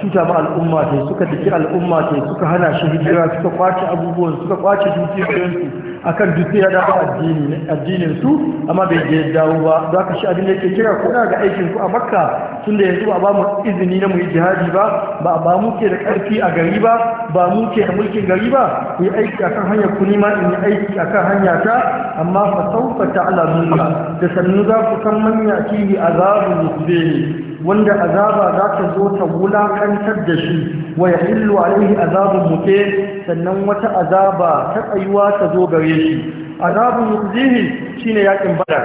Speaker 1: cuta ma al'umma ta suka daki al'umma ta suka hana shi hijira suka kwace abubuwan suka kwace dukiyoyinsu akan dutse ya dawo addinin su amma bai je dawo ba za ka shi abin da yake kira ko ga aikin ku a makka tun da yanzu ba ba mu izini na mu yi jihadi ba ba ba mu ke da karfi a gari ba ba mu ke da mulkin gari ba ku yi aiki akan hanyar ku nima in yi aiki akan hanya ta amma fa sauka ta'lamuna da sannu za ku san manya kihi azabu yusbeni wanda azaba za ta zo ta wulakantar da shi wa ya hillu alaihi azabun muke sannan wata azaba ta tsayuwa ta zo gare shi azabun yuzihi shine yakin badar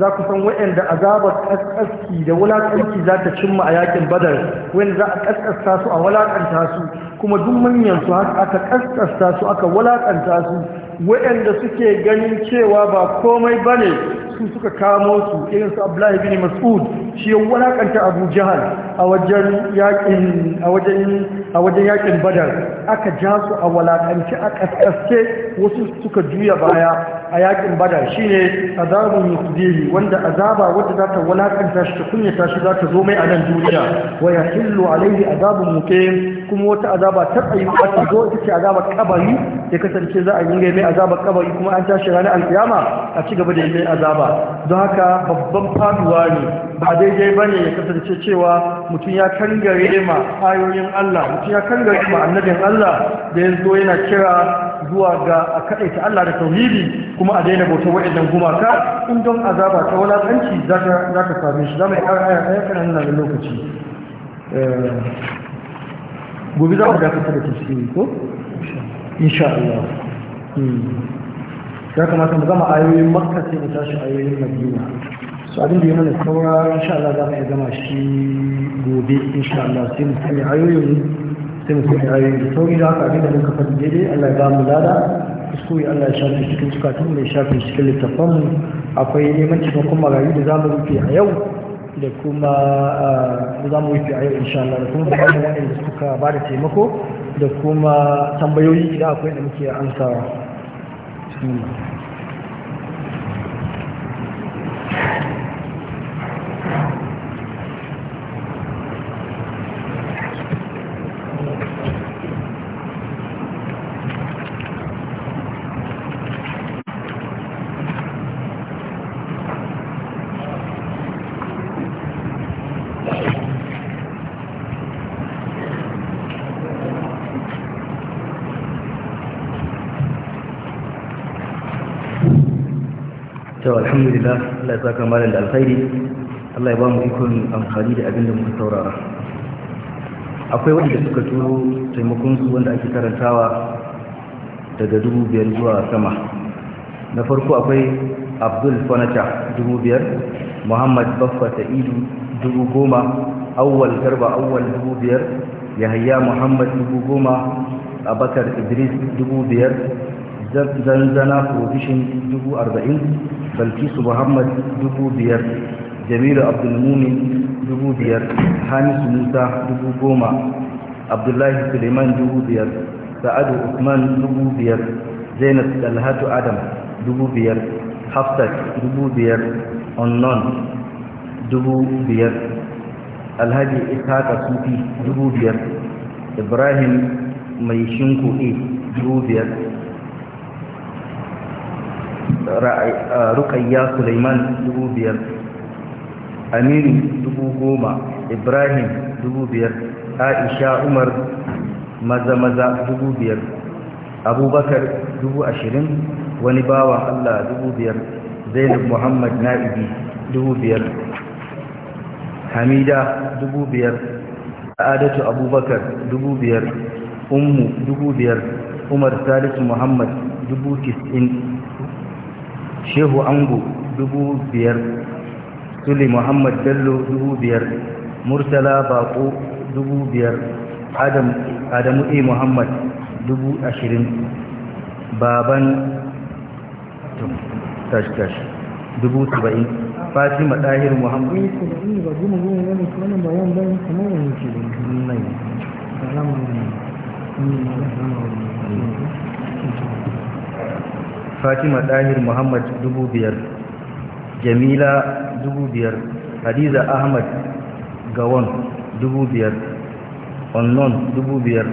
Speaker 1: za ku san wa'anda azabar kaskaski da wulakanci za ta cimma a yakin badar wanda za a kaskasta su a wulakanta su kuma duk manyan su haka aka kaskasta su aka wulakanta su wa'anda suke ganin cewa ba komai bane su suka kamo su irin su Abdullahi bin Mas'ud shi ya walakanta Abu Jahal a wajen yakin a wajen a wajen yakin Badar aka ja su a walakanci a kaskaske wasu suka juya baya a yakin Badar shine azabun yusdiri wanda azaba wanda za ta walakanta shi ta kunyata shi za ta zo mai a nan duniya wa yahillu alaihi azabun muqim kuma wata azaba ta tsayi ta zo ita ce azaba kabari ya kasance za a yi mai azabar kabari kuma an tashi ranar alkiyama a ci gaba da yi mai azaba don haka babban faduwa ne ba daidai ba ne ya kasance cewa mutum ya kangare ma ayoyin Allah mutum ya kangare ma annabin Allah da ya zo yana kira zuwa ga a kaɗaita Allah da tauhidi kuma a daina bautar waɗannan gumaka in don azaba ta wulaƙanci za ka same shi za mu yi aya ɗaya kan nan da lokaci eh, gobe za mu dakata da tafsiri ko insha Allah hmm. ya kamata mu gama ayoyin makka sai mu tashi ayoyin madina su abin da ya mana saura insha
Speaker 3: Allah za mu iya gama shi gobe insha Allah sai mu sami ayoyin sai mu sami ayoyin da sauri da haka abin da muka faɗi daidai Allah ya ba mu lada kuskure Allah ya shafi cikin
Speaker 1: zukatun mai shafi cikin littafan akwai neman kuma marayu da za mu rufe a yau da kuma ah, za mu rufe a yau insha Allah da kuma bayanin da suka ba da taimako da kuma tambayoyi idan akwai da muke amsawa. bismillah
Speaker 3: alhamdulillah Allah ya saka malam da alkhairi Allah ya ba mu ikon amfani da abin da muka saurara akwai wanda suka turo taimakon su wanda ake karantawa daga dubu biyar zuwa sama na farko akwai abdul fanata dubu biyar muhammad baffa Ta'idu dubu goma awwal garba awwal dubu biyar yahaya muhammad dubu goma abakar idris dubu biyar zanzana provision 40,000 balkisu muhammad biyar, jamilu abdulmumin biyar, hamisu musa goma, abdullahi suleiman biyar, sa'adu usman biyar, zainab dalhatu adam 5,000 hafsat 5,000 onnon biyar, alhaji ishaka sufi biyar, ibrahim mai shinku a rukayya suleiman dubu aminu dubu ibrahim dubu aisha umar maza-maza dubu abubakar 20, wani bawa allah dubu zainab muhammad na'ibi dubu hamida dubu adatu abubakar dubu ummu umar salisu muhammad shehu ango dubu biyar sule muhammad bello dubu biyar murtala bako dubu biyar adamu E muhammad dubu ashirin baban tashi-tashi dubu saba'in fatima ɗahir muhammad Thank you. fatima ɗahir muhammad dubu biyar jamila dubu biyar hadiza ahmad gawon dubu biyar onnon dubu biyar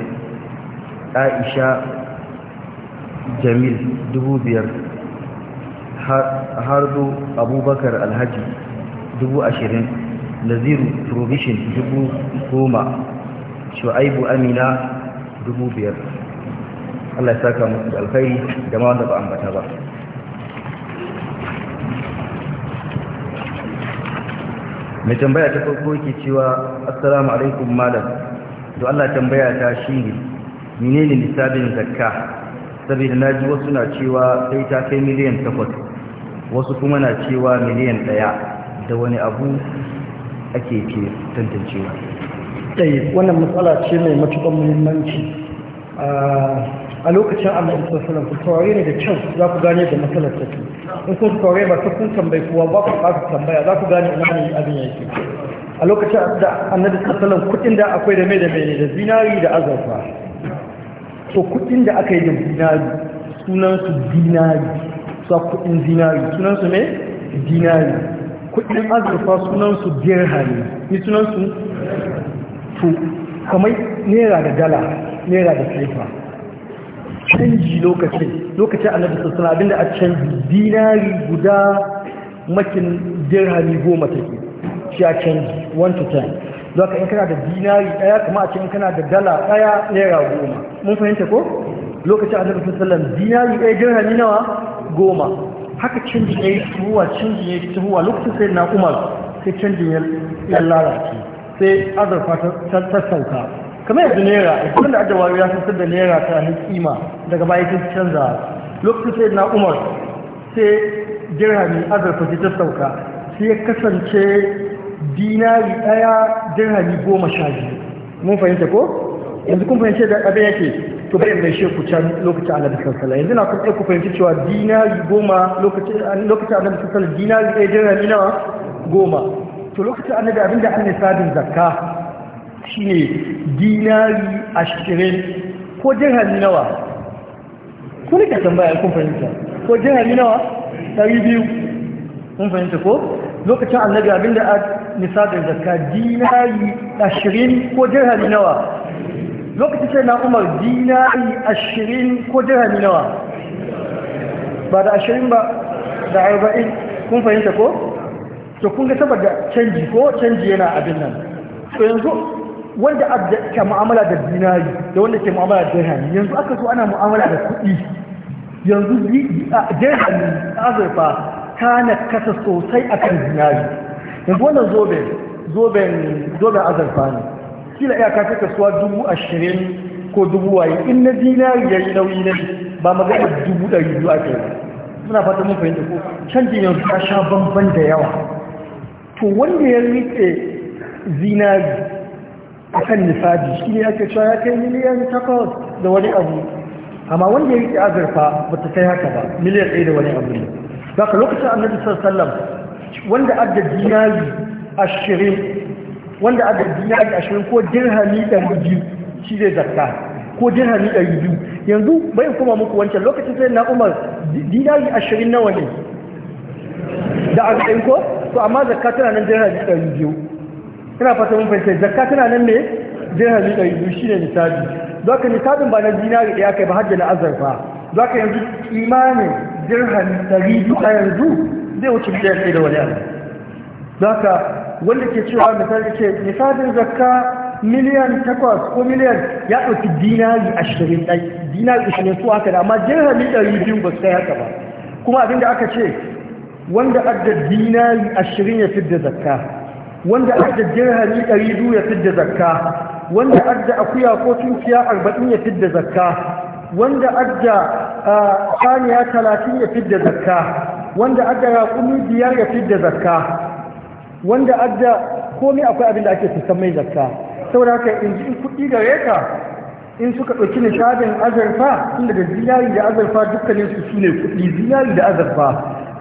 Speaker 3: aisha jamil dubu biyar abubakar alhaji dubu ashirin naziru provision dubu goma shu'aibu amina dubu biyar Allah ya saka musu da alkhairi da ma wanda ba ambata ba mai tambaya ta farko yake cewa assalamu alaikum malam to Allah tambaya ta shine menene lissafin zakka saboda ji wasu na cewa sai ta kai miliyan 8 wasu kuma na cewa miliyan 1 da wani abu ake ke tantancewa
Speaker 1: eh, wannan matsala ce mai matuƙar muhimmanci ah, a lokacin amma sallallahu alaihi wasallam saurare ne da kyau za ku gane da matsalar ta ce in sun saurare ba su kun tambayi kuwa ba ku ba su tambaya za ku gane ina ne abin yake a lokacin da annabi sallallahu alaihi kudin da akwai da mai da mai da zinari da azurfa to kudin da aka yi da zinari sunan su zinari sa kudin zinari sunan su ne zinari kudin azurfa sunan su dirhami ni sunan su to kamar naira da dala naira da saifa canji lokacin lokacin annabi sassan abinda a canji dinari guda makin dirhami goma take shi a canji one to ten. don in kana da dinari daya kuma a cikin kana da dala daya naira goma mun fahimta ko lokacin annabi sassan sallam dinari daya dirhami nawa goma haka canji ya yi tuhuwa canji ya yi tuhuwa lokacin sai na umar sai canjin ya lalace sai azurfa ta sauka kamar yanzu naira ikon da ajiyar ya sun da naira ta ni kima daga baya ta canza lokacin na umar sai dirhami azurfa ce ta sauka sai ya kasance dinari ɗaya dirhami goma sha biyu mun fahimta ko yanzu kun fahimci da abin yake to bayan mai sheku can lokacin annabi sassala yanzu na kun ku fahimci cewa dinari goma lokacin lokacin annabi sassala dinari ɗaya dirhami nawa goma to lokacin annabi abinda an sadin zakka ne dinari ashirin ko dirhami nawa ko ne ka tambaya kun fahimta ko dirhami nawa ɗari biyu kun fahimta ko lokacin annabi abinda a da zarka dinari ashirin ko dirhami nawa lokacin sai na umar dinari ashirin ko dirhami nawa ba da ashirin ba da arba'in kun fahimta ko to kun ga saboda canji ko canji yana abin nan to yanzu wanda ke mu'amala da dinari da wanda ke mu'amala da dirham yanzu aka so ana mu'amala da kuɗi yanzu dirham azurfa ta kasa sosai akan dinari yanzu wannan zoben zoben azurfa ne kila ka ta kasuwa dubu ashirin ko dubu waye in na dinari ya yi nauyi na ba magana dubu ɗari biyu ake yi suna fata mun fahimta ko canjin yanzu ta sha bamban da yawa to wanda ya rike zinari a kan nisabi shi ne ake cewa ya kai miliyan takwas da wani abu amma wanda ya riƙe azurfa ba ta kai haka ba miliyan ɗaya da wani abu ne ba ka lokacin annabi sallam wanda adda dinari ashirin wanda adda dinari ashirin ko dirhami ɗari biyu shi zai zakka ko dirhami ɗari biyu yanzu bayan kuma muku wancan lokacin sai na umar dinari ashirin nawa ne da arba'in ko to amma zakka tana nan dirhami ɗari biyu ina fata mun fahimta zakka tana nan ne dirhami ɗari biyu shi ne nisabi don haka nisabin ba na dinari ɗaya kai ba hajji na azurfa don haka yanzu kimanin dirhan ɗari biyu yanzu zai wuce biyar sai da wani abu don haka wanda ke cewa misali ce nisabin zakka miliyan takwas ko miliyan ya ɗauki dinari ashirin ɗai dinari ashirin su haka da amma ni ɗari biyu ba su kai haka ba kuma abin da aka ce wanda adda dinari ashirin ya fi zakka wanda adda ɗari du ya fidda zakka wanda adda akuya ko tunkiya 40 ya fidda zakka wanda adda saniya 30 ya fidda zakka wanda adda raƙumi biyar ya fidda zakka wanda adda komai akwai abin da ake fitan mai zakka saboda haka in ji kuɗi gare ka in suka ɗauki nishadin azurfa inda da ziyari da azurfa dukkanin su ne kuɗi ziyari da azurfa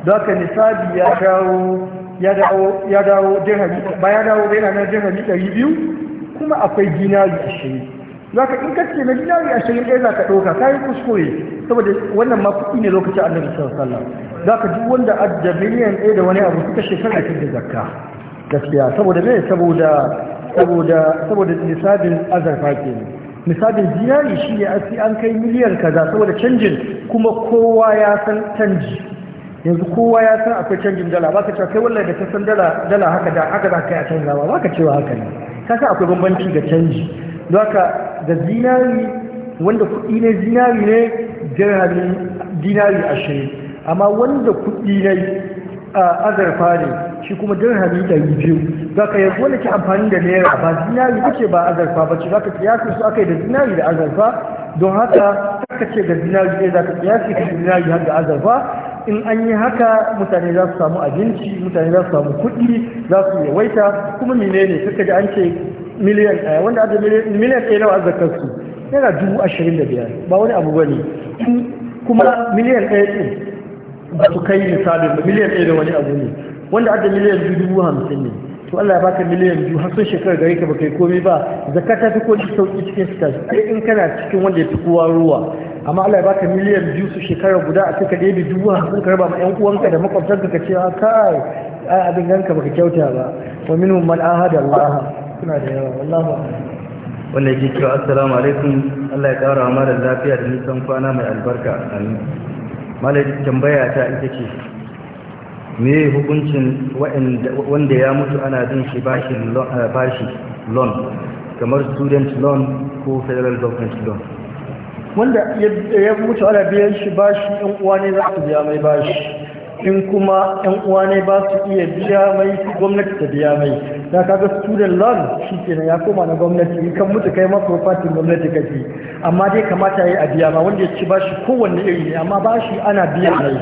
Speaker 1: da haka nisabi ya kawo ya dawo ya dawo dirhami na biyu kuma akwai dinari ashirin ka in kaske na dinari ashirin ɗaya za zaka ɗauka kayan kuskure saboda wannan ma kuɗi ne lokacin annabi sallallahu alaihi wasallam ka duk wanda adda miliyan ɗaya da wani abu suka shekara ta da zakka gaskiya saboda me saboda saboda nisabin azarfa ne. misalin dinari shi ne an kai miliyan kaza saboda canjin kuma kowa ya san canji yanzu kowa ya san akwai canjin dala ba ka cewa kai wallahi da ka san dala haka da haka za ka yi a canza ba ba ka cewa haka ne ka san akwai bambanci ga canji don haka da zinari wanda kuɗi ne zinari ne dinari ashirin amma wanda kuɗi ne azarfa ne shi kuma dirhami ɗari biyu za ka yi wanda ke amfani da naira ba zinari ce ba azarfa ba ce za ka kiyasi su aka yi da zinari da azarfa don haka ka ce da zinari ɗaya za ka kiyasi da zinari har da azarfa in an yi haka mutane za su samu abinci mutane za su samu kuɗi za su yawaita kuma menene kaka ji an ce miliyan ɗaya eh, wanda aka miliyan ɗaya nawa azzakar su yana dubu ashirin da biyar ba wani abu ba ne kuma miliyan ɗaya ɗin ba su kai misalin miliyan ɗaya da wani abu ne wanda adda miliyan biyu dubu hamsin ne to Allah ya baka miliyan biyu har sun shekarar gare ka baka yi komai ba zakka ta fi kowace sauki cikin su tashi kai in kana cikin wanda ya fi kowa ruwa amma Allah ya baka miliyan biyu su shekara guda a cika ɗaya dubu hamsin ka raba ma ƴan uwanka da makwabtanka ka ce a ah, kai ai abin ganka baka kyauta ba wa minhum man
Speaker 3: ahada Allah suna da yawa wallahi wannan yake cewa assalamu alaikum Allah ya kara wa mara lafiya da nisan kwana mai albarka amin malaji tambaya ta ita ce me hukuncin wanda ya mutu ana bin shi eh, bashi loan kamar student loan ko federal government loan
Speaker 1: wanda ya mutu ana biyan shi bashi yan uwa ne za su biya mai bashi in kuma yan uwa ne ba su iya biya mai gwamnati ta biya mai da kaga student loan shi ke ya koma na gwamnati in kan mutu kai masu fatin gwamnati kake amma dai kamata ya yi a biya ma wanda ya ci bashi kowanne iri ne amma bashi ana biya mai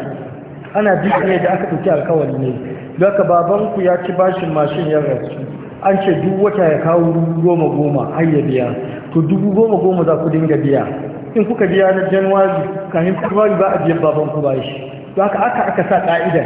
Speaker 1: ana biya ne da aka ɗauki alkawari ne da ka babanku ya ci bashin mashin ya rasu an ce duk wata ya kawo dubu goma goma har ya biya to dubu goma goma za ku dinga biya in kuka biya na januwari kamin february ba a biyan babanku shi. don haka aka aka sa ka'ida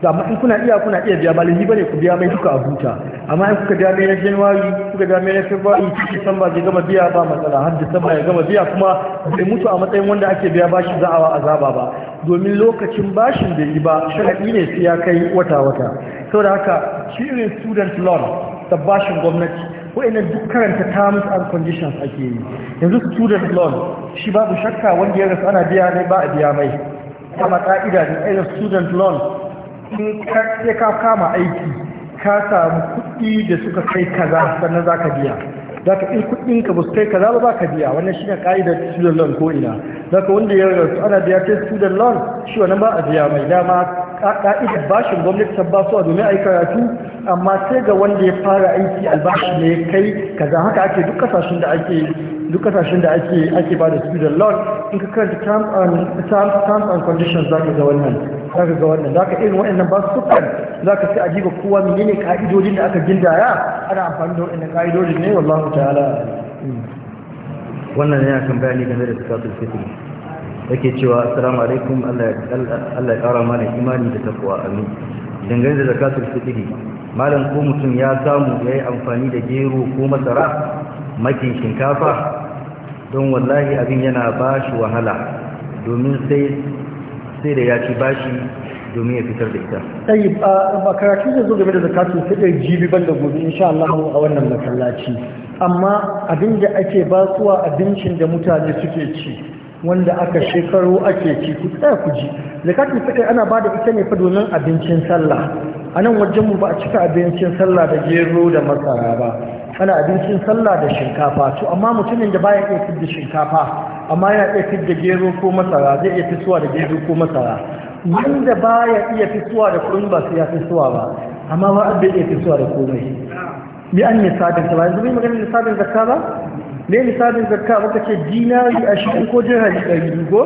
Speaker 1: Da in kuna iya kuna iya biya balihi bane ku biya mai duka a huta amma in kuka biya mai na january kuka biya mai na february san ba zai gama biya ba matsala har disamba ya gama biya kuma bai mutu a matsayin wanda ake biya bashi za a azaba ba domin lokacin bashin da yi ba sharaɗi ne sai ya kai wata wata saboda haka shi irin student loan da bashin gwamnati wa'annan duk karanta terms and conditions ake yi yanzu student loan shi babu shakka wanda ya rasu ana biya ne ba a biya mai kama ka'ida da irin student loan in sai ka kama aiki ka samu kuɗi da suka kai kaza sannan za ka biya za ka in kuɗin ka kai kaza ba za ka biya wannan shi shine ka'idar student loan ko ina za ka wanda ya rasu ana biya ta student loan shi wannan ba a biya mai dama ka'idar bashin gwamnati ta ba su a domin a yi karatu amma sai ga wanda ya fara aiki albashi ne kai kaza haka ake duk kasashen da ake duk kasashen da ake ake ba da student loan in ka karanta terms and terms and conditions zaka ga wannan ka ga wannan za ka irin waɗannan ba su kan zaka sai a diba kowa menene ka'idodin da aka gindaya ana amfani da waɗannan ka'idodin ne wallahi ta'ala
Speaker 3: wannan yana kan bayani game da zakatul fitr yake cewa assalamu alaikum Allah ya kara mana imani da takwa amin dangane da zakatul fitri malam ko mutum ya samu ya yi amfani da gero ko masara makin shinkafa don wallahi abin yana ba shi wahala domin sai da ya ci bashi domin ya fitar da ita.
Speaker 1: Ɗayi ba karatu zai zo game da zakatun fitar jibi ban da gobe insha Allah a wannan masallaci. Amma abin da ake basuwa abincin da mutane suke ci wanda aka shekaru ake ci ku tsaya ku ji zakatul fitr ana ba da ita ne fa domin abincin sallah a nan wajenmu ba a cika abincin sallah da gero da masara ba ana abincin sallah da shinkafa to amma mutumin da baya iya fidda shinkafa amma yana iya fidda gero ko masara zai iya fitowa da gero ko masara wanda baya iya fitowa da kuɗin ba sai ya fitowa ba amma ba abin iya fitowa da komai bi an yi sadin ta ba yanzu bai magana da sadin zakka ba ne misalin zakka maka ce dinari ashirin ko dirhami ɗari dugo?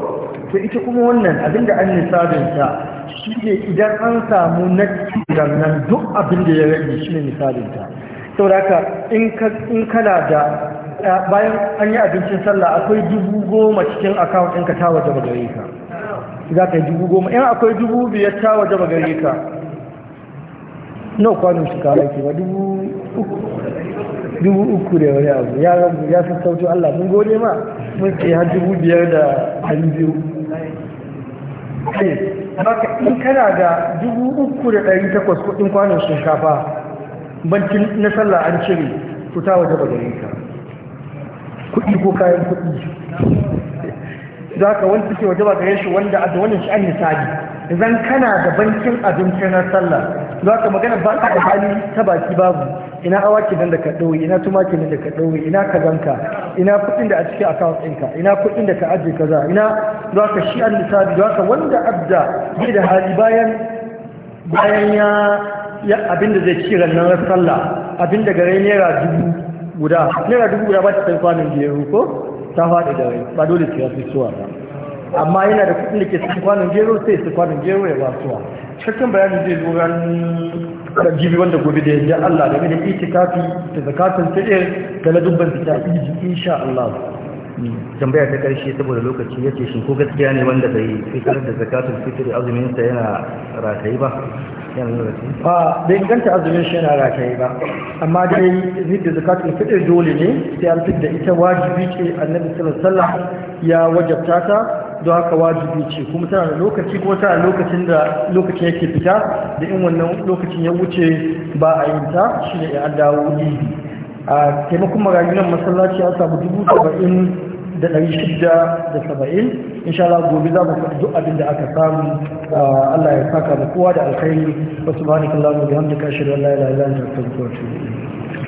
Speaker 1: to ita kuma wannan abinda an ta shi ne idan an samu na nan duk abinda ya rage shi ne ta. sau da haka in kana da bayan an yi abincin sallah akwai dubu goma cikin akawun ɗinka ta waje gare ka za ka yi dubu goma in akwai dubu biyar ta waje gare ka nau kwanin shi kawai ke ba dubu uku dubu uku da wani abu ya rabu ya fi sautu Allah mun gode ma mun ce har dubu biyar da ɗari biyu baka in kana da dubu uku da ɗari takwas kuɗin kwanon shinkafa bankin na sallah an cire fita waje ba gare ka kuɗi ko kayan kuɗi za ka wani suke waje ba gare shi wanda a da wani shi an nisabi idan kana da bankin abincin na sallah za ka magana ba ta hali ta baki babu ina awaki nan da ka ɗaure. ina tumaki nan da ka ɗaure. ina kazanka ina kuɗin da a cikin account ɗinka ina kuɗin da ka ajiye kaza ina za ka shi an lissafi za ka wanda abda bai da hali bayan bayan ya ya abinda zai ci ranar sallah abinda gare naira dubu guda naira dubu guda ba ta sai kwanan gero ko ta faɗi da rai ba dole sai ya fi suwa ba amma yana da kuɗin da ke sai kwanan gero sai sai kwanan gero ya ba suwa cikin bayani zai zo ran jibi wanda gobe da yadda Allah da ganin
Speaker 3: kafi da zakatun sa'ir da na dubban fita iji insha Allah tambaya ta karshe saboda lokaci ya ce ko gaskiya ne wanda bai fitar da zakatun fitar azumin sa yana ratayi ba yana ratayi ba da inganta azumin shi yana ratayi ba
Speaker 1: amma dai zidda zakatun fitr dole ne sai an fitar da ita wajibi ce annabi sallallahu alaihi wasallam ya wajabta ta don haka wajibi ce kuma tana da lokaci kuma tana lokacin da lokacin yake fita da in wannan lokacin ya wuce ba a yi ta shi ne ya dawo ne a taimakon marayu nan masallaci a samu dubu saba'in da ɗari shida da saba'in sha Allah gobe za mu faɗi duk abin da aka samu Allah ya saka da kowa da alkhairi wasu ba ni bihamdika ashhadu an la ilaha illa anta astaghfiruka wa atubu